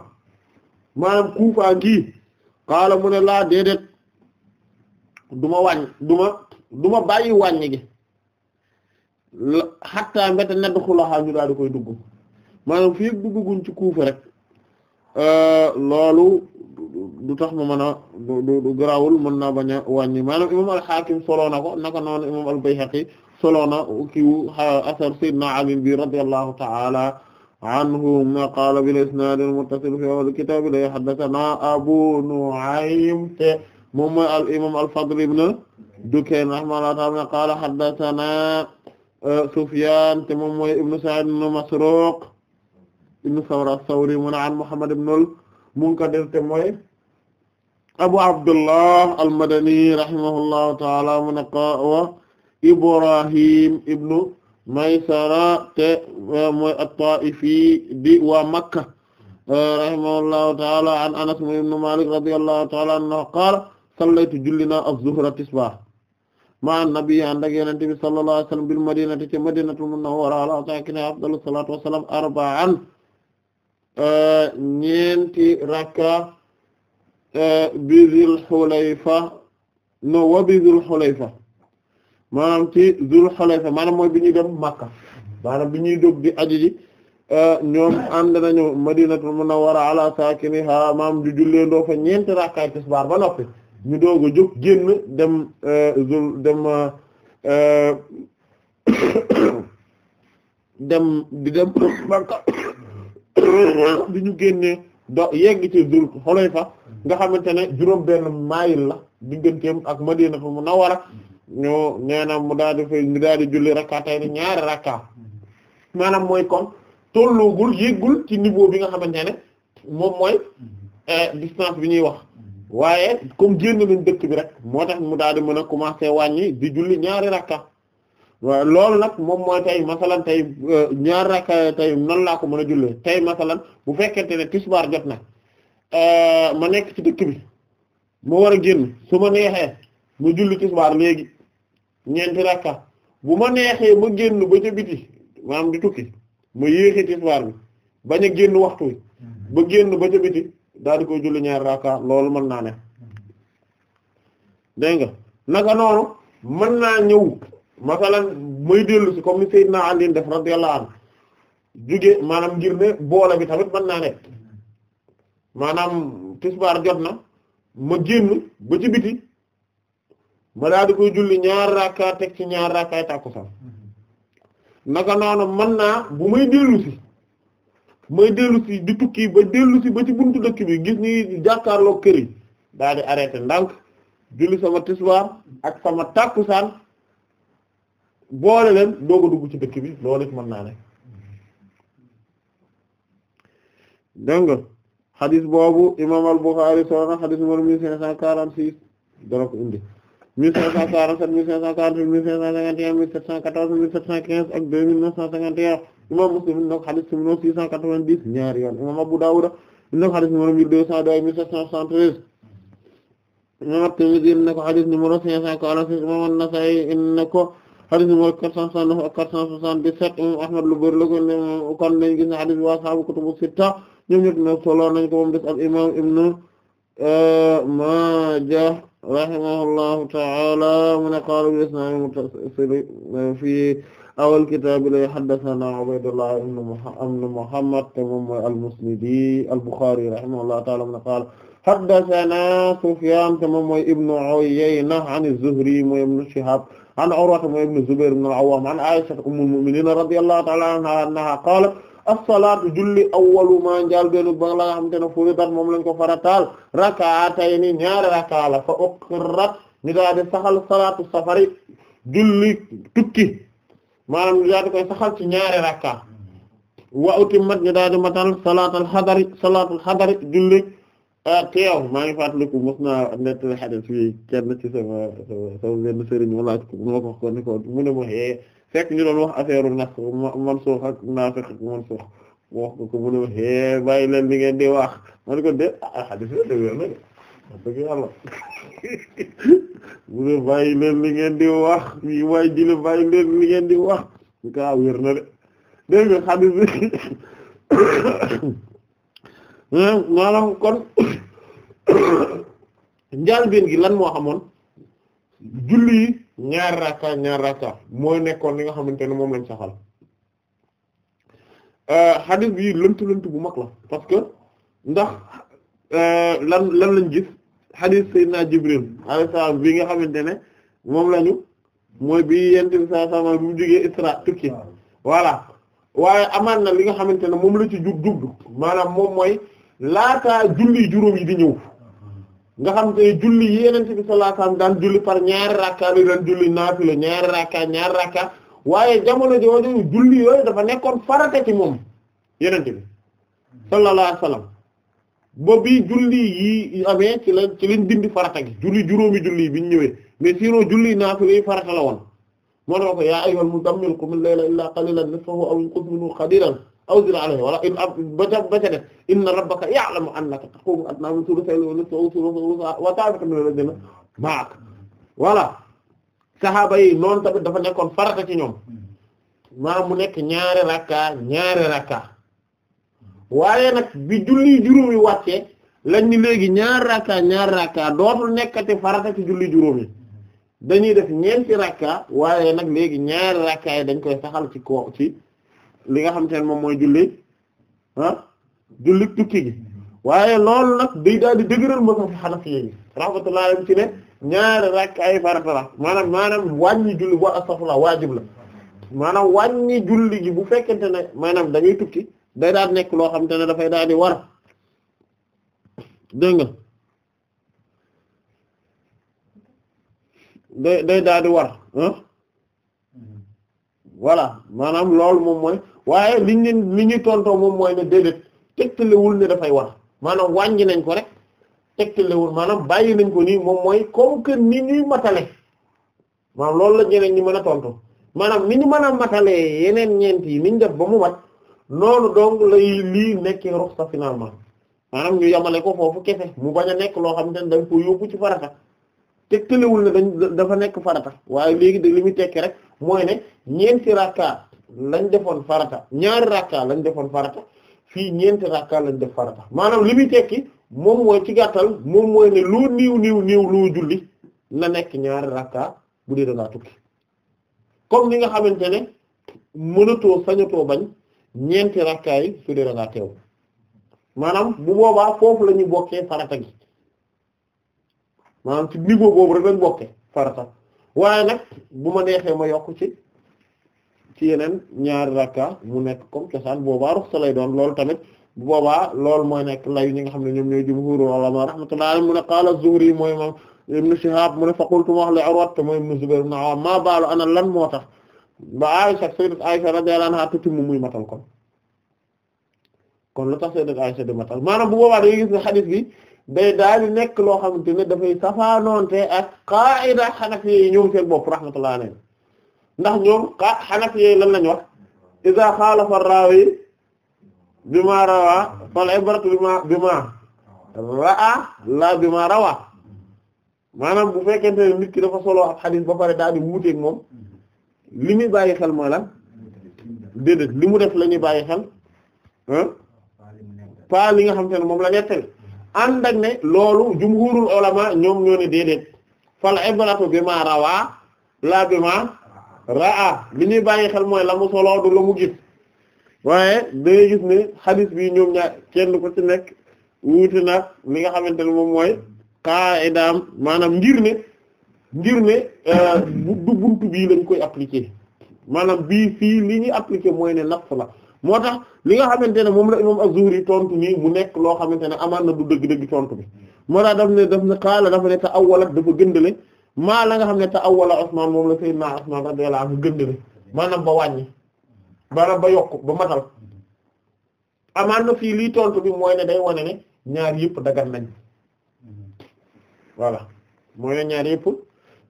maanaam kuufa ngii xaala mu laa déedéet duma ma wàññ du ma du ma bàyyi wàññi gi xattaa mbete nedd xulaxaa ñu daal di koy dugg maanaam fii dugguñ ci kuufa rek euh, loolu du tax ma mën a du du garaawul mën naa bañ a wàññi maanaam imam al-Hakim soloo na ko naka noonu imam al-Bayhaqi soloo na kiiwu euh, asar sayyidina Ali bi radiyallahu ta'ala anhuma qaala bil isnaad al-muttasil fi awwal kitaab la haddathana Abu Nu'aym moom mooy al imam al Fadl ibn Dukayn rahimahullahu ta'ala qaala haddathana euh, Sufyan te moom mooy ibn Sa'id ibn Masruq ibn Thawr ath-Thawri mu ne an Muhammad ibn al-Munkadir te mooy Abu Abdullah al-Madani rahimahullahu ta'ala mu ne wa Ibrahim ibn Maysara te mooy at-Ta'ifi di waa Makka euh, rahimahullahu ta'ala an Anas ibn Malik radiyallahu ta'ala anhu qaala sallaytu julli na az-zuhra tisbaar maa nabi ànd ak yonent bi sallallahu alayhi wa sallam bil madinati ci madinatul munawwara ala saakinihaa afdalu salaatu wa salaam arba'an eh, ñeenti rakka eh, bi Zul Xulayfa no wa bi Zul Xulayfa maanaam ci Zul Xulayfa maanaam moy bi ñuy dem Makka maanaam bi ñuy dog di aji ji eh, ñoom ànd na madinatul munawwara ala saakinihaa maam di jullee ndoo fa ñeenti rakkaay tisbaar ba noppi ñu doog a jóg génn dem euh, zul dem euh, dem di dem Makka ñu génnee do yegg ci Zul Xulayfa nga xamante ne juróom benn mayil la digganteem ak ma Munawwara ñoo nee na mu daal di fay mu daal di julli rakka tey ni ñaari rakka maanaam mooy kon tolloogul yéggul ci niveau bi nga xamante ne moom mooy euh, distance bi ñuy wax waaye comme génn nañ dëkk bi rek moo tax mu daal di mën a commencer wàññi di julli ñaari rakka loolu nag moom mooy tey masalan tey euh, ñaari rakka tey nan laa ko mën a jullee tey masalan bu fekkente ne tisbaar jot na euh, ma nekk ci dëkk bi ma war a génn su ma neexee ma julli tisbaar léegi ñeenti rakka bu ma neexee ma génn ba ca biti maanaam di tukki ma yéexee tisbaar bi bañ a génn waxtu ba génn ba ca biti daal di koy julli ñaar raaka loolu mën naa ne dégg nga naka noonu mën naa ñëw masalan muy dellu si comme ni Seydina Ali def radiyallahu anhu juge maanaam ngir ne boole bi tamit mën naa ne maanaam tisbaar jot na ma génn ba ci biti ma daal koy julli ñaar raaka teg ci ñaar raakaay tàkkusaan naka noonu mën naa bu may dellu may dellu si di tukki ba dellu si ba ci buntu dëkk bi gis ni jàkkaarloo kër yi daal ndànk julli sama tisbaar ak sama tàkkusaan boole leen doog a ci dëkk bi loole it mën naa ne dégg nga xadis boobu imam al Bukhari solo na xadis numéro mille cinq cent six dana ko indi 1547 1548 1551 1714 1715 ak 2951 imam Muslim indi na ko xadis numéro 690 ñaari yoon imam Abu Dawud indi na ko xadis numéro 1202 1773 imam At-Tirmidhi indi na ko xadis numéro 546 imam An-Nasa'i indi na ko xadis numéro 469 ak 477 imam Ahmad lu bëri la ko ne kon nañu gis ne xadis bi waa sahaabu kutubu sitta ñoom ñëpp na solo nañ ko moom des al imam ibnu Maaja rahimahullahu ta'ala mu ne qaala bi isnaadin muttasil fii awal kitaab li haddathanaa Ubaydullah ibn Muhammad moom mooy al-Musnidi al-Bukhari rahimahullahu ta'ala mu ne qaala haddathanaa Sufyaan moom mooy ibn Uyayna an az-Zuhri mooy ibn Shihaab an Urwa mooy ibn Zubayr ibn al-Awwaam an Aisha ummul mu'miniin radiyallahu ta'ala anhaa annahaa qaalat as-salaatu julli awwalu ma njaal benn ba la nga xamante ne furidat moom lañ ko farataal rakaatayni ñaari raka la fa uqirrat ñu daal di saxal salaatu safari julli tukki maanaam ñu daal di koy saxal ci ñaari rakka wa utimmat matal salaatul xadari salaatul xadari julli ah, teew maa ngi fàttaliku mos naa nettali xadis bi kenn ci sama sama mu ne ma xee fekk ñu doon wax affaire na nask mansukh ak naasikh ak mansukh wax ko ko mu ne hee leen li ngeen di wax ma ne ko de ah hadith de wér na de dëgg ne di wax yi waay jile di wax ñu ka ah, wér na de dégg nga hadith bi maanaam kon njàlbeen gi lan moo xamoon julli ñaar rakka ñaar rakka mooy nekkoon li nga xamante ne moom lañ saxal xadis euh, bi lëntu lëntu bu mag la parce que ndax euh, lan lan lañ gis xadis Seydina Jibril alayhi salaam bi nga xamante ne moom lañu mooy bi yent bi saa sama bu jógee Isra tukki voilà waaye amaan na li nga xamante ne moom la ci jug jug maanaam moom mooy laata julli juróom yi di ñëw nga xam te julli yeneen bi sallallahu alayhi wasallam daan julli par ñaari rakka li daan julli naafila ñaari rakka ñaari rakka waaye jamono jooju julli yooyu dafa nekkoon farata ci moom yeneen bi sallallahu alayhi bi ba bii julli yi amee ci la ci lañ dindi farata gi julli juróomi julli bi ñu ñëwee mais sinon julli naafila yi farata la woon moo tax ko yaa ayyuhal muzammil qumil layla illaa qalilan nisfahu aw inqus minhu qalilan awzir alayhi wala ba ca ba ca def inna rabbaka ya'lamu annaka taqumu adna min thuluthay al-layli wa ta'batu min al-ladina ma'ak voilà saxaaba yi noonu tamit dafa nekkoon farata ci ñoom maa mu nekk ñaari rakka ñaari rakka waaye nag bi julli juróomi wàccee lañ ni léegi ñaari rakka ñaari rakka dootul nekkati farata ci julli juróomi dañuy def ñeenti rakka waaye nag léegi ñaari rakka yi dañ koy saxal ci ko ci li nga xam te ne moom mooy julli julli tukki gi waaye loolu nag day daal di dëgëral mazhabu hanafiyya yi rahmatullahi alayhim ci ne ñaari rakk ay farata la maanaam maanaam wàññi julli wa astaghfirullah waajib la maanaam wàññi julli gi bu fekkente ne maanaam da tukki day daal nekk loo xam te ne dafay daal di war dégg nga day day daal di war ah maanaam loolu moom mooy waaye liñ leen li ñuy tontoo moom mooy ne déedéet tegtalewul ne dafay wax maanaam wàññi nañ ko rek tegtalewul maanaam bàyyi nañ ko moom mooy comme que ni ñuy matale maanaam loolu la ñeneen ñi mën a tontu maanaam ni ñu mën a matalee yeneen ñeent yi niñ def ba mu mat noonu donc lay lii nekkee ruxsa finalement maanaam ñu yamale ko foofu kese mu bañ a nekk loo xam ne dañ ko yóbbu ci farata tegtalewul ne dañ dafa nekk farata waaye léegi de li muy tekki rek mooy ne ñeenti rakka lañ defoon farata ñaari rakka lañ defoon farata fii ñeenti rakka lañ def farata maanaam li muy tekki moom mooy ci gàttal moom mooy ne loo niiw niiw lu loo julli na nekk ñaari rakka bu dee da ngaa tukki comme ni nga xamante ne mënatoo sañatoo bañ ñeenti rakka yi su dee da teew maanaam bu boobaa foofu lañuy ñu bokkee farata gi maanaam ci niveau boobu rek lañ bokkee farata waaye nag bu ma neexee ma yokk ci ci yeneen ñaari rakka mu nekk comme cosaan boobaa ruxsa lay doon loolu tamit bu boobaa loolu mooy nekk lay ñi nga xam ne ñoom ñooy jumhuurul ulamaa rahmatullahi alayhim mu ne qaala az-Zuhri mooy moom ibnu ne fa qultu wax li Urwata mooy ana lan moo tax ba Aysa sayyidat Aysa radiyallahu anha tutim muy matal kon tax sayyidat Aysa di matal bu boobaa day gis ne xadiis bi day daal di nekk loo xamante ne dafay safaanoonte ak qaa'ida Hanafi yi ñoom seen bopp rahmatullahi alayhim ndax ñoom xa Hanafi yooyu lan lañu wax iza xaalafa raawi bima rawa fal ibratu bima bima ra'a la bima rawa maanaam bu fekkente ne nit ki dafa solo ak xadiis ba pare daal di wuuteeg moom li muy bàyyi xel mooy lan déedéet li mu def la ñuy bàyyi xel pas li nga xam te ne moom la nettali ànd ak ne loolu jumhurul ulama ñoom ñoo ne déedéet fal ibratu bima rawa la bima raa li ñuy bàyyi xel mooy la mu soloo du la mu gis waaye day gis ne xadis bi ñoom ñaar kenn ko ci nekk wuute nag li nga xamante ne moom mooy qa'idaam maanaam ngir ne ngir ne euh, du buntu bii lañ koy appliquer maanaam bii fii li ñuy appliquer mooy ne natt la moo tax li nga xamante ne moom la imam Az-Zuhri tontu nii mu nekk loo xamante ne amaan na du dëgg-dëgg tontu bi moo tax daf ne daf ne qaala dafa ne te awwalat dafa gëndale maa la nga xam ne te awwala Usmaan moom la Seydina Usmaan radiyallahu anhu gënd maanaam ba wàññi maanaam ba yokk ba matal amaan na fii lii tontu bi mooy ne day wane ne ñaar yëpp dagan nañ voilà mooy ne ñaar yëpp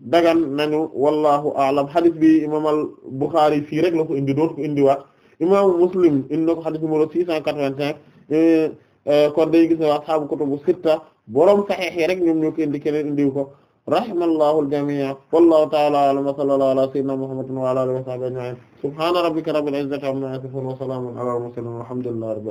dagan nañu wallahu a'lam hadith bi imaam al Bukhari fii rek la ko indi doot ko indiwaat imaam Muslim indi na ko hadith numéro 685 eh, eh, kon day gis ne waa ashaabu kutubu sitta borom saxiix yi rek ñoom ñoo indi ko. rahimallahu al-jami'a wallahu ta'ala a'lam wa sallallahu ala sayyidina muhammadin wa ala alihi wa sahbihi ajma'in subhana rabbika rabbil izzati amma yasifun wa salamun ala al-mursalin walhamdulillahi